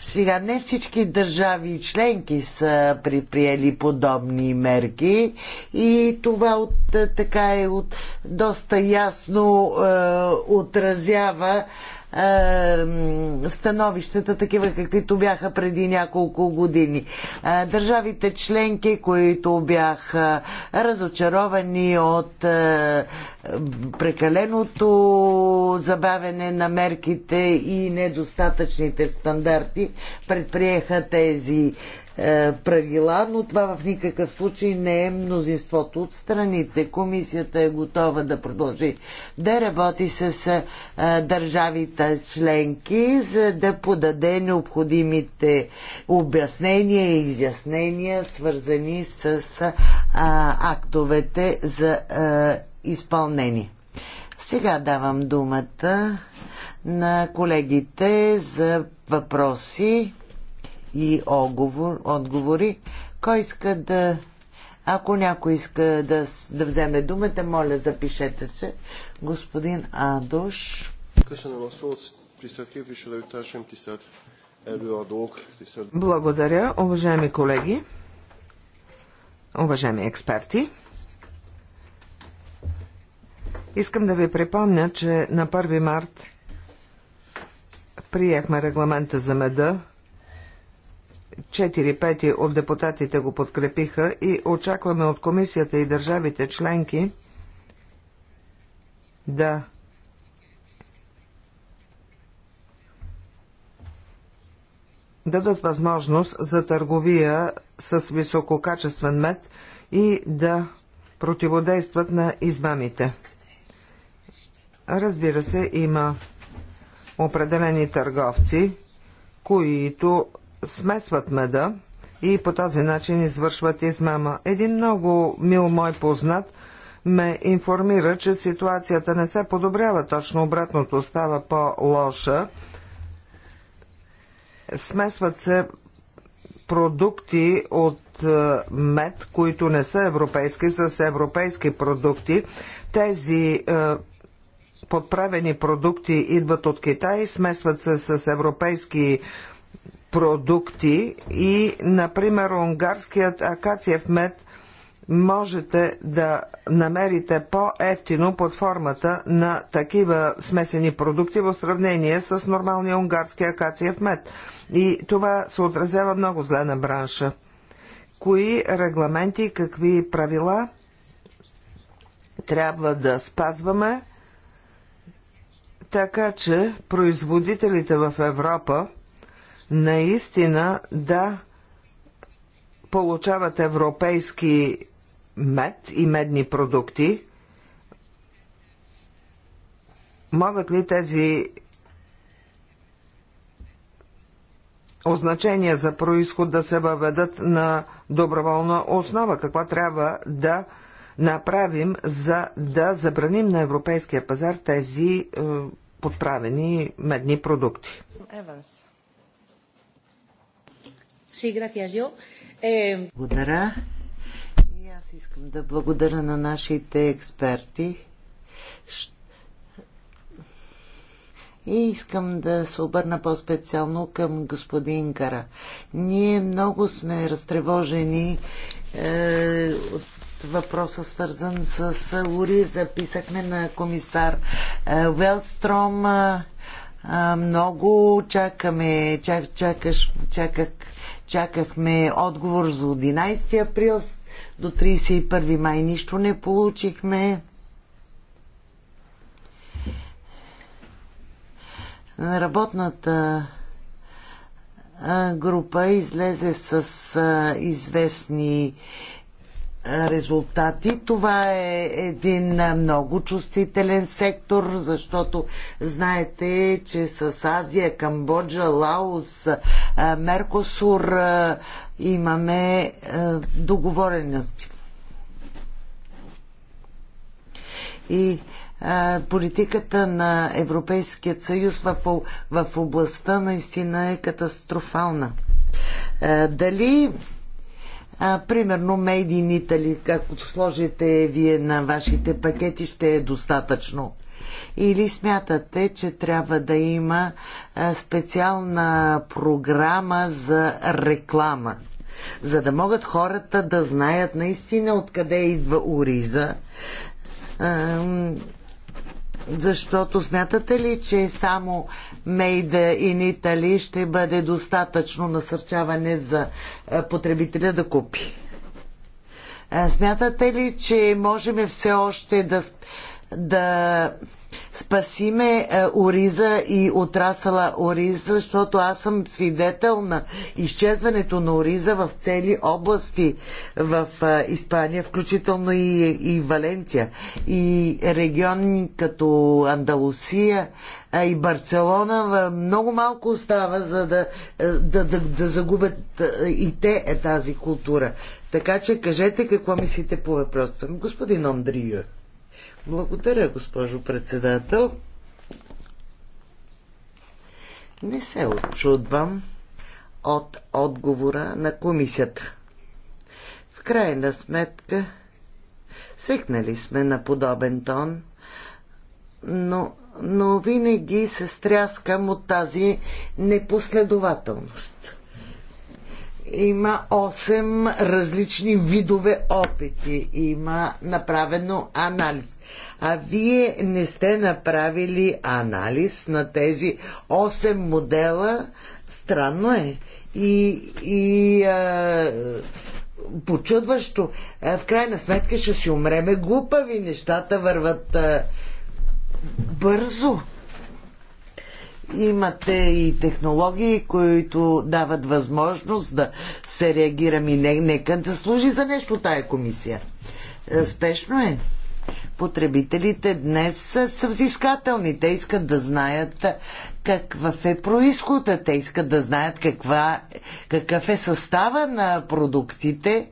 Сега не всички държави и членки са приприели подобни мерки и това от, е, така е от, доста ясно е, отразява е, становищата, такива каквито бяха преди няколко години. Е, държавите членки, които бяха разочаровани от е, прекаленото забавене на мерките и недостатъчните стандарти, предприеха тези е, правила, но това в никакъв случай не е мнозинството от страните. Комисията е готова да продължи да работи с е, държавите членки, за да подаде необходимите обяснения и изяснения, свързани с е, актовете за изпълнение. Сега давам думата на колегите за въпроси и оговор, отговори. Кой иска да... Ако някой иска да, да вземе думата, моля, запишете се. Господин
Адош. Е Благодаря, уважаеми колеги, уважаеми експерти. Искам да ви припомня, че на 1 март приехме регламента за меда 4 пети от депутатите го подкрепиха и очакваме от комисията и държавите членки да дадат възможност за търговия с висококачествен мед и да противодействат на измамите. Разбира се, има определени търговци, които смесват меда и по този начин извършват измама. Един много мил мой познат ме информира, че ситуацията не се подобрява, точно обратното става по-лоша. Смесват се продукти от е, мед, които не са европейски, с европейски продукти. Тези е, подправени продукти идват от Китай, смесват се с европейски продукти продукти и, например, унгарският акациев мед можете да намерите по-ефтино под формата на такива смесени продукти в сравнение с нормалния унгарски акациев мед. И това се отразява много зле на бранша. Кои регламенти, какви правила трябва да спазваме, така че производителите в Европа наистина да получават европейски мед и медни продукти, могат ли тези означения за происход да се въведат на доброволна основа? Каква трябва да направим, за да забраним на европейския пазар тези е, подправени медни продукти? Еванс. Eh, благодаря.
И аз искам да благодаря на нашите експерти. И искам да се обърна по-специално към господин Кара. Ние много сме разтревожени е, от въпроса, свързан с Лури. Записахме на комисар е, Велстром. Е, е много чакаме, чак, чакаш, чаках чакахме отговор за 11 април до 31 май. Нищо не получихме. Работната група излезе с известни резултати. Това е един много чувствителен сектор, защото знаете, че с Азия, Камбоджа, Лаос, Меркосур имаме договорености. И политиката на Европейския съюз в, в областта наистина е катастрофална. Дали а, примерно Made in Italy, както сложите вие на вашите пакети, ще е достатъчно. Или смятате, че трябва да има специална програма за реклама, за да могат хората да знаят наистина откъде идва ориза, защото смятате ли, че само Made in Italy ще бъде достатъчно насърчаване за е, потребителя да купи? Е, смятате ли, че можем все още да, да Спаси ме е, Ориза и отрасала Ориза, защото аз съм свидетел на изчезването на Ориза в цели области в е, Испания, включително и, и Валенция. И региони като Андалусия е, и Барселона много малко остава, за да, да, да, да загубят и те е тази култура. Така че кажете какво мислите по въпроса. Господин Андрио. Благодаря, госпожо председател. Не се очудвам от отговора на комисията. В крайна сметка, свикнали сме на подобен тон, но, но винаги се стряскам от тази непоследователност има 8 различни видове опити. Има направено анализ. А вие не сте направили анализ на тези 8 модела. Странно е. И, и а, почудващо. А, в крайна сметка ще си умреме глупави. Нещата върват а, бързо. Имате и технологии, които дават възможност да се реагирам. и не, нека да служи за нещо тая комисия. Е, спешно е. Потребителите днес са взискателни. Те искат да знаят какъв е происхода. Те искат да знаят каква, какъв е състава на продуктите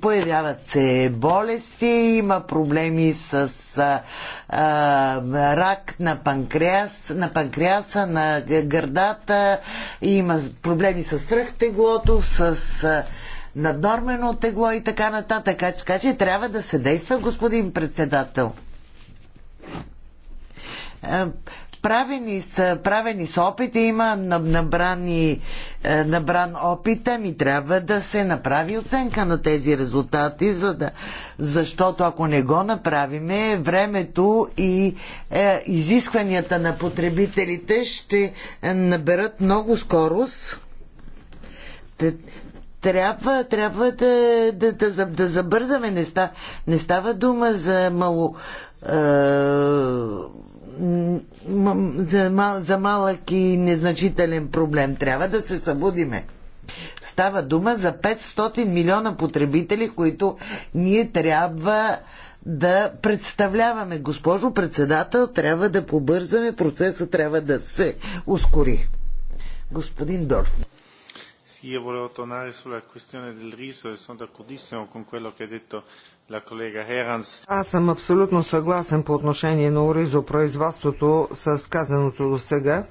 Появяват се болести, има проблеми с рак на, панкреас, на панкреаса, на гърдата, има проблеми с свръхтеглото, с наднормено тегло и така нататък. Така че трябва да се действа, господин председател Правени са, правени са опити, има набрани, е, набран опит, ами трябва да се направи оценка на тези резултати, за да, защото ако не го направиме, времето и е, изискванията на потребителите ще наберат много скорост трябва, трябва да, да, да, да забързаме. Не, става, не става дума за мало. Е, за, мал, за малък и незначителен проблем. Трябва да се събудиме. Става дума за 500 милиона потребители, които ние трябва да представляваме. Госпожо председател, трябва да побързаме, процеса трябва да се ускори. Господин Дорф.
io volevo tornare sulla questione del riso e sono d'accordissimo con quello che ha detto
аз съм абсолютно съгласен по отношение на оризопроизводството с казаното до сега.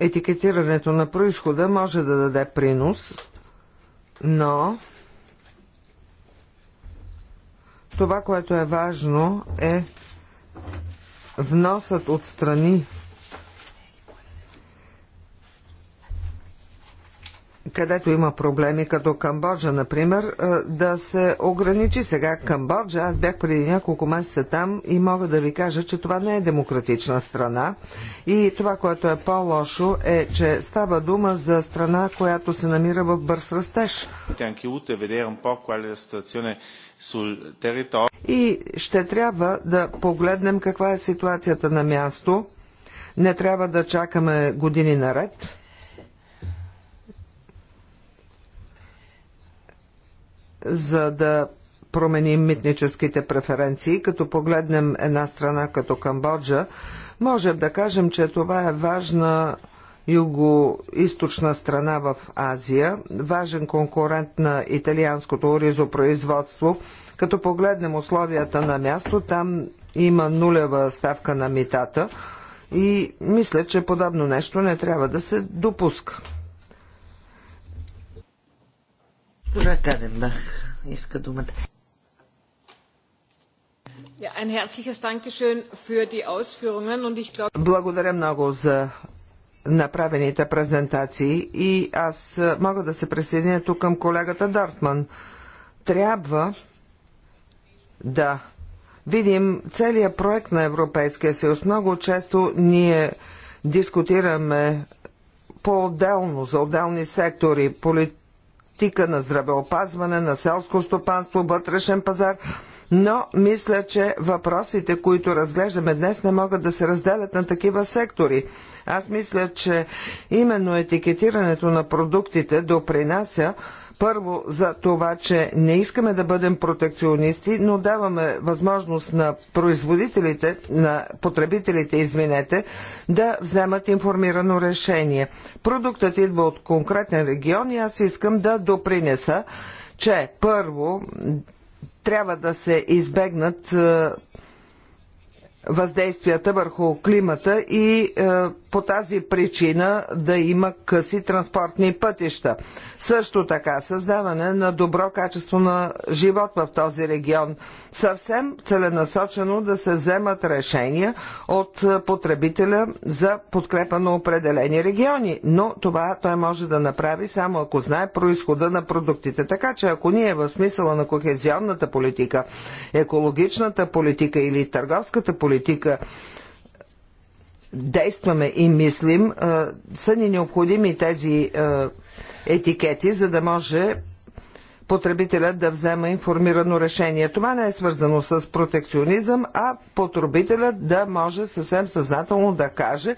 Етикетирането на происхода може да даде принос, но това, което е важно е вносът от страни където има проблеми, като Камбоджа, например, да се ограничи сега Камбоджа. Аз бях преди няколко месеца там и мога да ви кажа, че това не е демократична страна. И това, което е по-лошо, е, че става дума за страна, която се намира в бърз растеж. И ще трябва да погледнем каква е ситуацията на място. Не трябва да чакаме години наред. за да променим митническите преференции. Като погледнем една страна като Камбоджа, можем да кажем, че това е важна юго-источна страна в Азия, важен конкурент на италианското оризопроизводство. Като погледнем условията на място, там има нулева ставка на митата и мисля, че подобно нещо не трябва да се допуска. Госпожа Каденбах иска думата. Благодаря много за направените презентации и аз мога да се присъединя тук към колегата Дартман. Трябва да видим целия проект на Европейския съюз. Много често ние дискутираме по-отделно, за отделни сектори, полит политика на здравеопазване, на селско стопанство, вътрешен пазар, но мисля, че въпросите, които разглеждаме днес, не могат да се разделят на такива сектори. Аз мисля, че именно етикетирането на продуктите допринася първо за това, че не искаме да бъдем протекционисти, но даваме възможност на производителите, на потребителите, извинете, да вземат информирано решение. Продуктът идва от конкретен регион и аз искам да допринеса, че първо трябва да се избегнат е, въздействията върху климата и е, по тази причина да има къси транспортни пътища. Също така създаване на добро качество на живот в този регион. Съвсем целенасочено да се вземат решения от потребителя за подкрепа на определени региони, но това той може да направи само ако знае происхода на продуктите. Така че ако ние в смисъла на кохезионната политика, екологичната политика или търговската политика действаме и мислим, са ни необходими тези етикети, за да може потребителят да взема информирано решение. Това не е свързано с протекционизъм, а потребителят да може съвсем съзнателно да каже,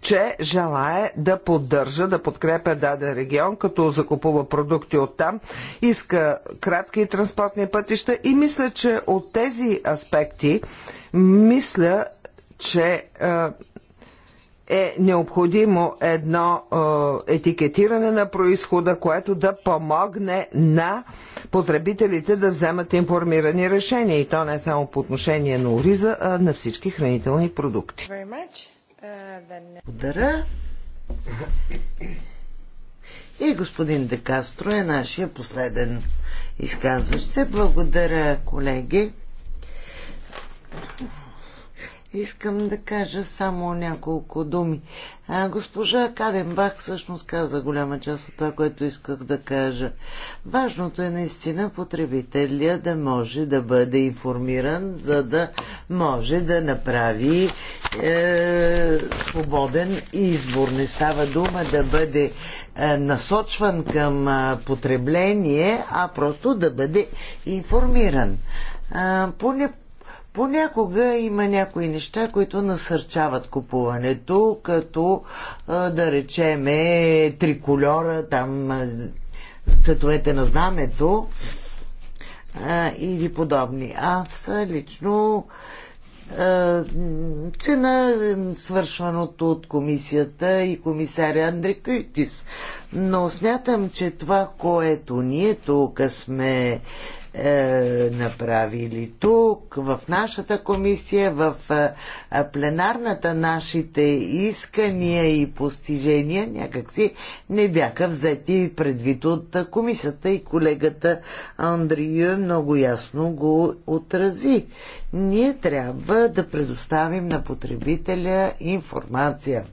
че желае да поддържа, да подкрепя даден регион, като закупува продукти от там, иска кратки транспортни пътища и мисля, че от тези аспекти мисля, че е, е необходимо едно е, етикетиране на происхода, което да помогне на потребителите да вземат информирани решения. И то не само по отношение на ориза, а на всички хранителни продукти. Uh, Благодаря.
И господин Декастро е нашия последен изказващ се. Благодаря, колеги. Искам да кажа само няколко думи. А, госпожа Каденбах всъщност каза голяма част от това, което исках да кажа. Важното е наистина потребителя да може да бъде информиран, за да може да направи е, свободен избор. Не става дума да бъде е, насочван към е, потребление, а просто да бъде информиран. Поне Понякога има някои неща, които насърчават купуването, като да речеме триколора, там цветовете на знамето или подобни. Аз лично цена свършваното от комисията и комисаря Кютис. Но смятам, че това, което ние тук сме е, направили тук, в нашата комисия, в е, е, пленарната нашите искания и постижения някакси не бяха взети предвид от комисията и колегата Андрия много ясно го отрази. Ние трябва да предоставим на потребителя информация.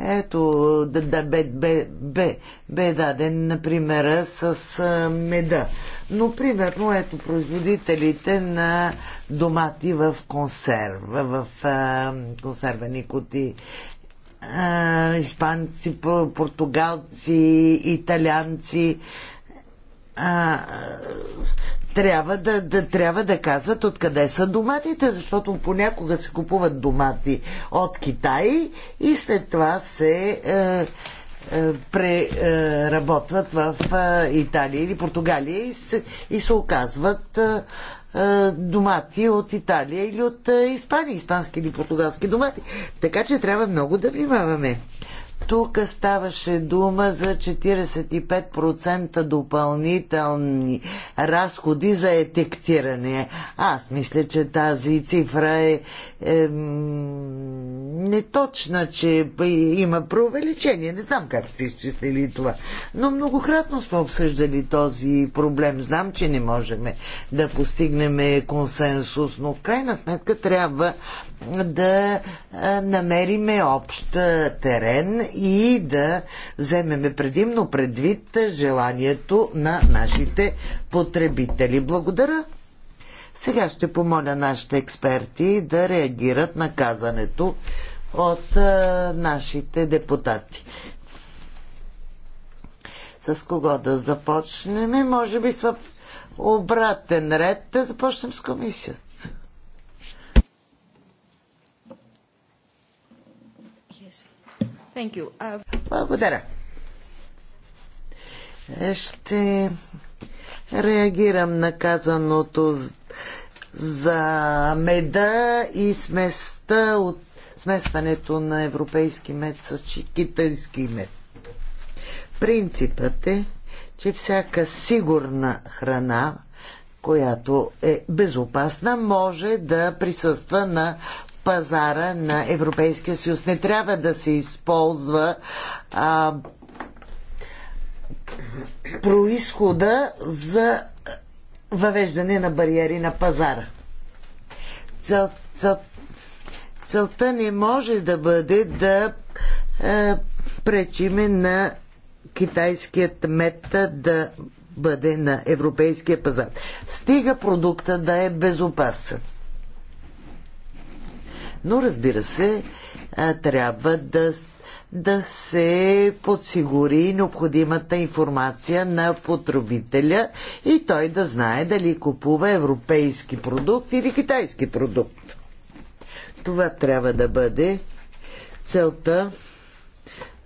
Ето, да, да бе, бе, бе, бе даден, например, с а, меда. Но, примерно, ето, производителите на домати в консерва, в а, консервени кути. Испанци, португалци, италианци а, трябва да, да, трябва да казват откъде са доматите, защото понякога се купуват домати от Китай и след това се а, е, а, е, преработват в а, е, Италия или Португалия и се, и се оказват а, домати от Италия или от Испания, испански или португалски домати. Така че трябва много да внимаваме. Тук ставаше дума за 45% допълнителни разходи за етектиране. Аз мисля, че тази цифра е, е неточна, че има преувеличение. Не знам как сте изчислили това. Но многократно сме обсъждали този проблем. Знам, че не можем да постигнем консенсус, но в крайна сметка трябва да намериме общ терен и да вземеме предимно предвид желанието на нашите потребители. Благодаря. Сега ще помоля нашите експерти да реагират на казането от нашите депутати. С кого да започнем? Може би с обратен ред да започнем с комисията.
Uh...
Благодаря. Е, ще реагирам на казаното за меда и сместа от смесването на европейски мед с китайски мед. Принципът е, че всяка сигурна храна, която е безопасна, може да присъства на пазара на Европейския съюз. Не трябва да се използва а, происхода за въвеждане на бариери на пазара. Цел, цел, целта не може да бъде да а, е, пречиме на китайският мед да бъде на европейския пазар. Стига продукта да е безопасен. Но разбира се, трябва да, да се подсигури необходимата информация на потребителя и той да знае дали купува европейски продукт или китайски продукт. Това трябва да бъде целта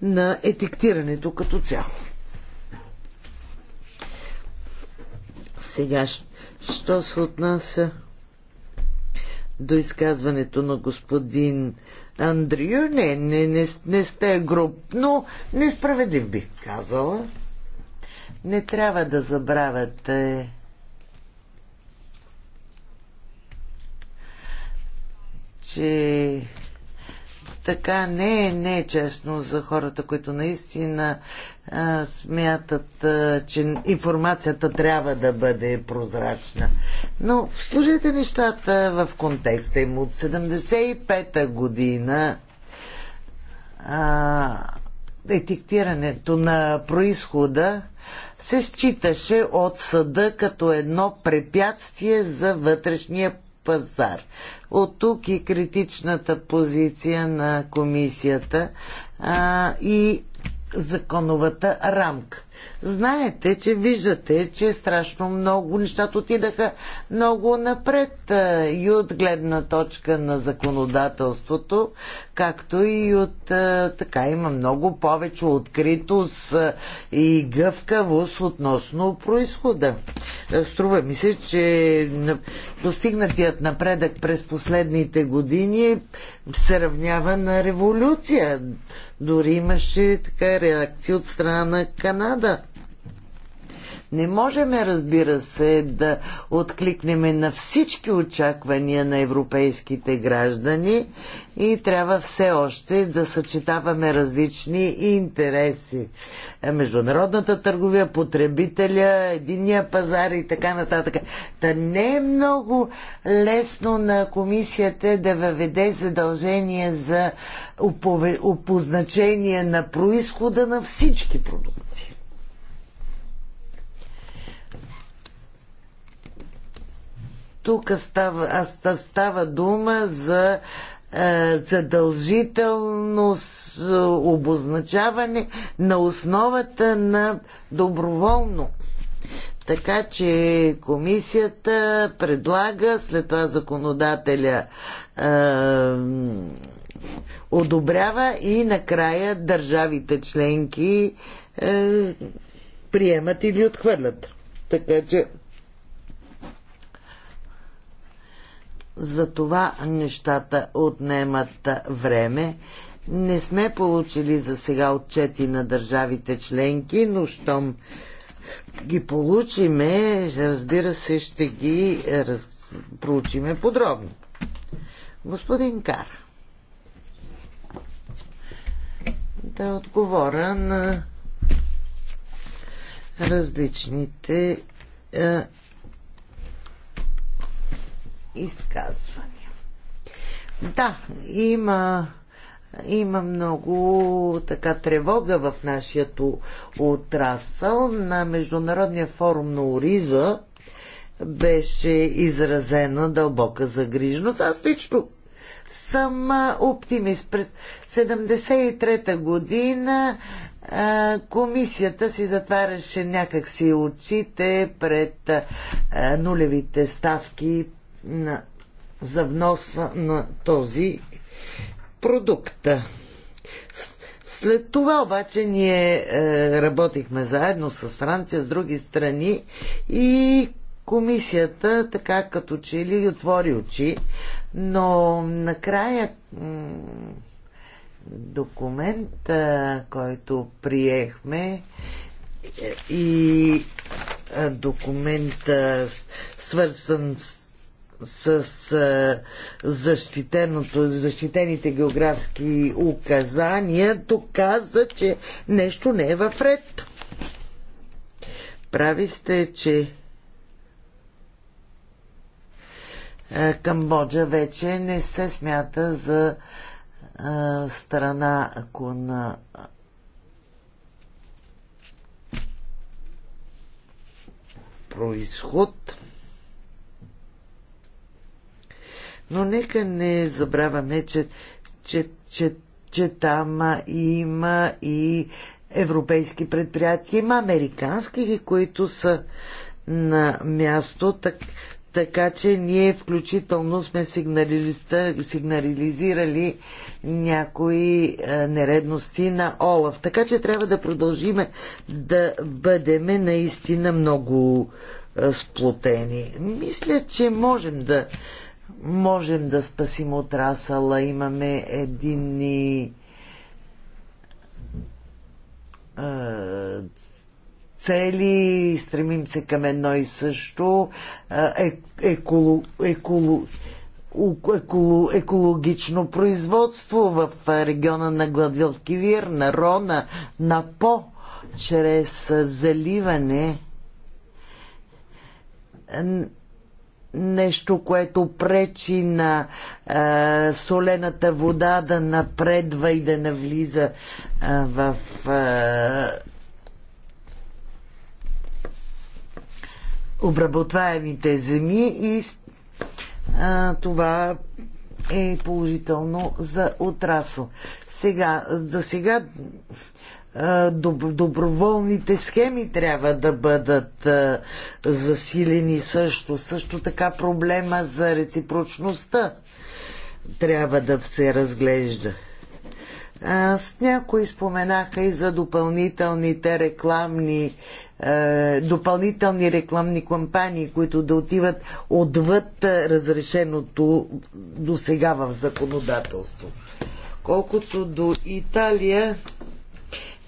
на етиктирането като цяло. Сега, що се отнася до изказването на господин Андрю. Не, не, не, не сте груп, но несправедлив бих казала. Не трябва да забравяте че така не е, не е честно за хората, които наистина а, смятат, а, че информацията трябва да бъде прозрачна. Но служите нещата в контекста им. От 75-та година а, етиктирането на происхода се считаше от съда като едно препятствие за вътрешния пазар. От тук и критичната позиция на комисията а, и законовата рамка знаете, че виждате, че страшно много нещата отидаха много напред и от гледна точка на законодателството, както и от така има много повече откритост и гъвкавост относно происхода. Е, струва ми се, че достигнатият напредък през последните години се равнява на революция. Дори имаше така реакция от страна на Канада. Не можем, разбира се, да откликнем на всички очаквания на европейските граждани и трябва все още да съчетаваме различни интереси. Международната търговия, потребителя, единния пазар и така нататък. Та не е много лесно на комисията да въведе задължение за опозначение на происхода на всички продукти. Тук става, става дума за е, задължително е, обозначаване на основата на доброволно. Така че комисията предлага, след това законодателя е, одобрява и накрая държавите членки е, приемат или отхвърлят. Така че За това нещата отнемат време. Не сме получили за сега отчети на държавите членки, но щом ги получиме, разбира се, ще ги раз... проучиме подробно. Господин Кар, да отговоря на различните е, изказвания. Да, има има много така тревога в нашия отрасъл. На Международния форум на Ориза беше изразена дълбока загриженост. Аз лично съм оптимист. През 73-та година комисията си затваряше някакси очите пред нулевите ставки на, за вноса на този продукт. След това обаче ние е, работихме заедно с Франция, с други страни и комисията така като че ли отвори очи, но накрая документа, който приехме е, и е, документа свързан с с защитеното, защитените географски указания, доказа, че нещо не е в ред. Прави сте, че Камбоджа вече не се смята за страна, ако на происход. Но нека не забравяме, че, че, че, че там има и европейски предприятия, има американски, които са на място, так, така че ние включително сме сигнализирали някои е, нередности на Олаф. Така че трябва да продължиме да бъдеме наистина много е, сплотени. Мисля, че можем да можем да спасим отрасъла, имаме единни цели, стремим се към едно и също, еколо, еколо, еколо, екологично производство в региона на Гладвилкивир, на Рона, на По, чрез заливане нещо, което пречи на а, е, солената вода да напредва и да навлиза а, е, в. А, е, обработваемите земи и а, това е положително за отрасъл. Сега, за сега доброволните схеми трябва да бъдат засилени също. Също така проблема за реципрочността трябва да се разглежда. С някои споменаха и за допълнителните рекламни допълнителни рекламни кампании, които да отиват отвъд разрешеното до сега в законодателство. Колкото до Италия,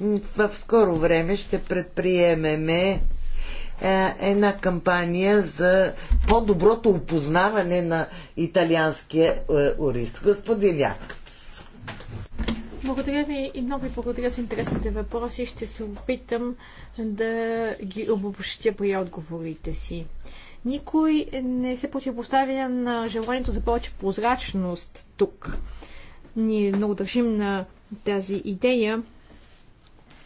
в скоро време ще предприемеме е, една кампания за по-доброто опознаване на италианския урис. Е, Господин Якобс.
Благодаря ви и много ви благодаря за интересните въпроси. Ще се опитам да ги обобщя при отговорите си. Никой не се противопоставя на желанието за повече прозрачност тук. Ние много държим на тази идея,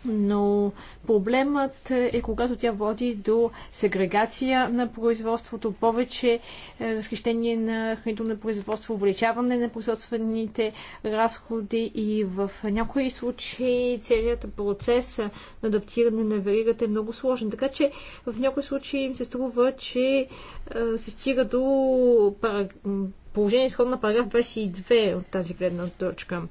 но проблемът е когато тя води до сегрегация на производството, повече е, разхищение на хранително производство, увеличаване на производствените разходи и в някои случаи целият процес на адаптиране на веригата е много сложен. Така че в някои случаи им се струва, че е, се стига до положение изходно на параграф 22 от тази гледна точка.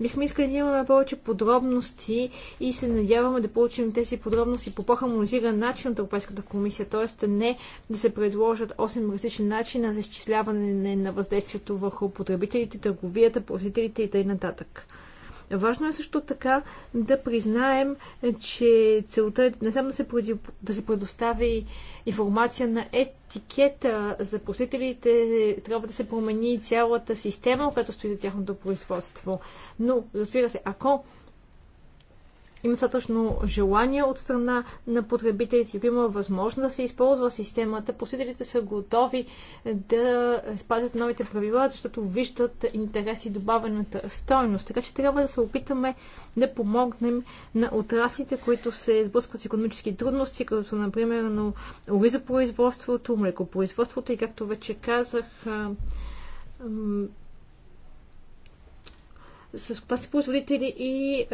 Бихме искали да имаме повече подробности и се надяваме да получим тези подробности по по-хармонизиран начин от Европейската комисия, т.е. не да се предложат 8 различни начина за изчисляване на въздействието върху потребителите, търговията, посетителите и т.н. Важно е също така да признаем, че целта е не само да се, да се предостави информация на етикета за просителите, трябва да се промени цялата система, която стои за тяхното производство. Но, разбира се, ако има достатъчно желание от страна на потребителите, ако има възможност да се използва системата, посетителите са готови да спазят новите правила, защото виждат интерес и добавената стойност. Така че трябва да се опитаме да помогнем на отраслите, които се сблъскват с економически трудности, като например на оризопроизводството, млекопроизводството и както вече казах, пасти производители и е,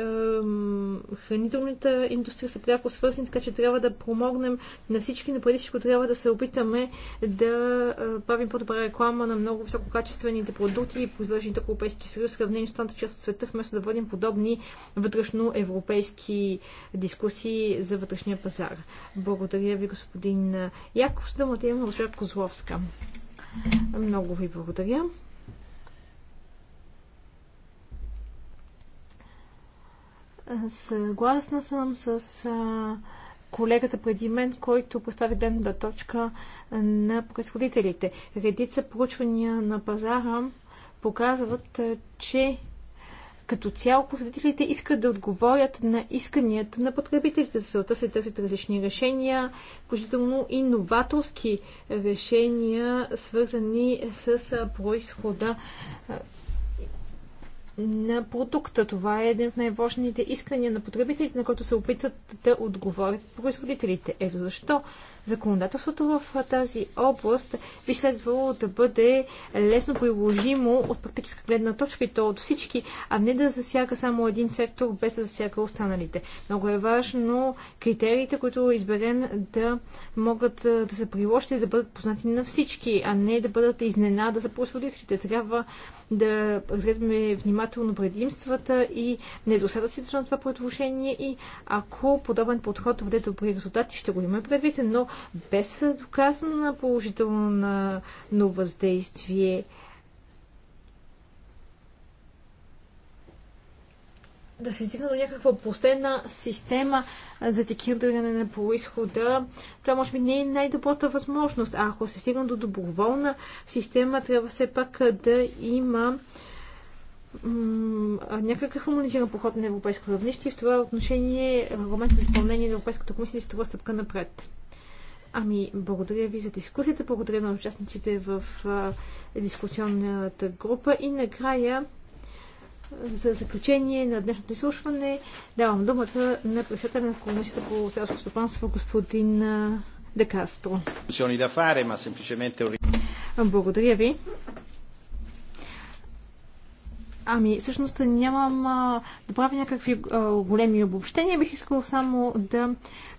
хранителната индустрия са пряко свързани, така че трябва да помогнем на всички, но преди всичко трябва да се опитаме да е, правим по-добра реклама на много висококачествените продукти и произвеждани от европейски съюз, сравнени с останалата част от света, вместо да водим подобни вътрешно европейски дискусии за вътрешния пазар. Благодаря ви, господин Яков, думата да госпожа Козловска. Много ви благодаря. Съгласна съм с а, колегата преди мен, който постави гледната точка на производителите. Редица проучвания на пазара показват, че като цяло производителите искат да отговорят на исканията на потребителите. За целта се търсят различни решения, включително и новаторски решения, свързани с происхода на продукта. Това е един от най-важните искания на потребителите, на които се опитват да отговорят производителите. Ето защо Законодателството в тази област би следвало да бъде лесно приложимо от практическа гледна точка и то от всички, а не да засяга само един сектор, без да засяга останалите. Много е важно критериите, които изберем, да могат да се приложат и да бъдат познати на всички, а не да бъдат изненада за производителите. Трябва да разгледаме внимателно предимствата и недостатъците на това предложение и ако подобен подход доведе добри резултати, ще го имаме предвид, но без доказано на положително на въздействие. да се стигне до някаква последна система за текиране на происхода, това може би не е най-добрата възможност. А ако се стигне до доброволна система, трябва все пак да има някакъв хуманизиран поход на европейско равнище и в това отношение регламент за изпълнение на Европейската комисия е с това стъпка напред. Ами, благодаря ви за дискусията, благодаря на участниците в а, дискусионната група и накрая за заключение на днешното изслушване давам думата на председателя на Комисията по селско стопанство господин Декастро. Благодаря ви. Ами, всъщност нямам а, да правя някакви а, големи обобщения. Бих искал само да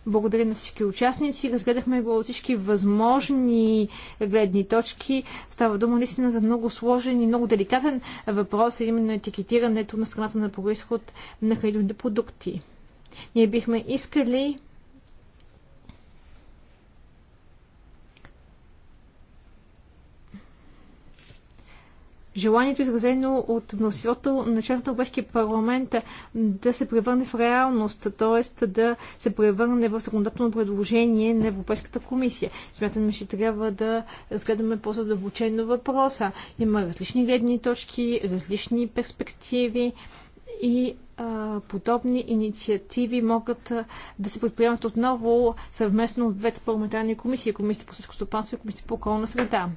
благодаря на всички участници. Разгледахме го от всички възможни гледни точки. Става дума наистина за много сложен и много деликатен въпрос, а именно етикетирането на страната на происход на хранителните продукти. Ние бихме искали желанието изразено от мнозинството на членовете на Европейския парламент да се превърне в реалност, т.е. да се превърне в законодателно предложение на Европейската комисия. Смятаме, че трябва да разгледаме по-задълбочено въпроса. Има различни гледни точки, различни перспективи, и а, подобни инициативи могат а, да се предприемат отново съвместно от двете парламентарни комисии Комисията по сельско стопанство и Комисията по околна среда.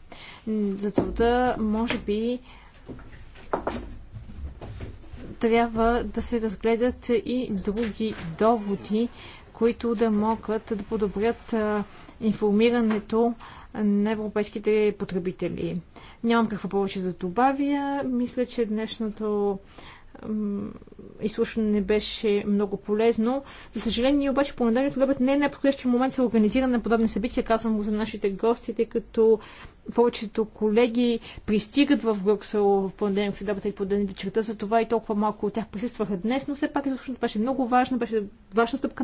За целта, може би, трябва да се разгледат и други доводи, които да могат да подобрят а, информирането на европейските потребители. Нямам какво повече да добавя. Мисля, че днешното изслушване беше много полезно. За съжаление, обаче, понеделник следобед не е най-подходящия момент за организиране на подобни събития. Казвам го за нашите гости, тъй като повечето колеги пристигат в Брюксел в понеделник следобед и понеделник вечерта, затова и толкова малко от тях присъстваха днес, но все пак изслушването беше много важно, беше важна стъпка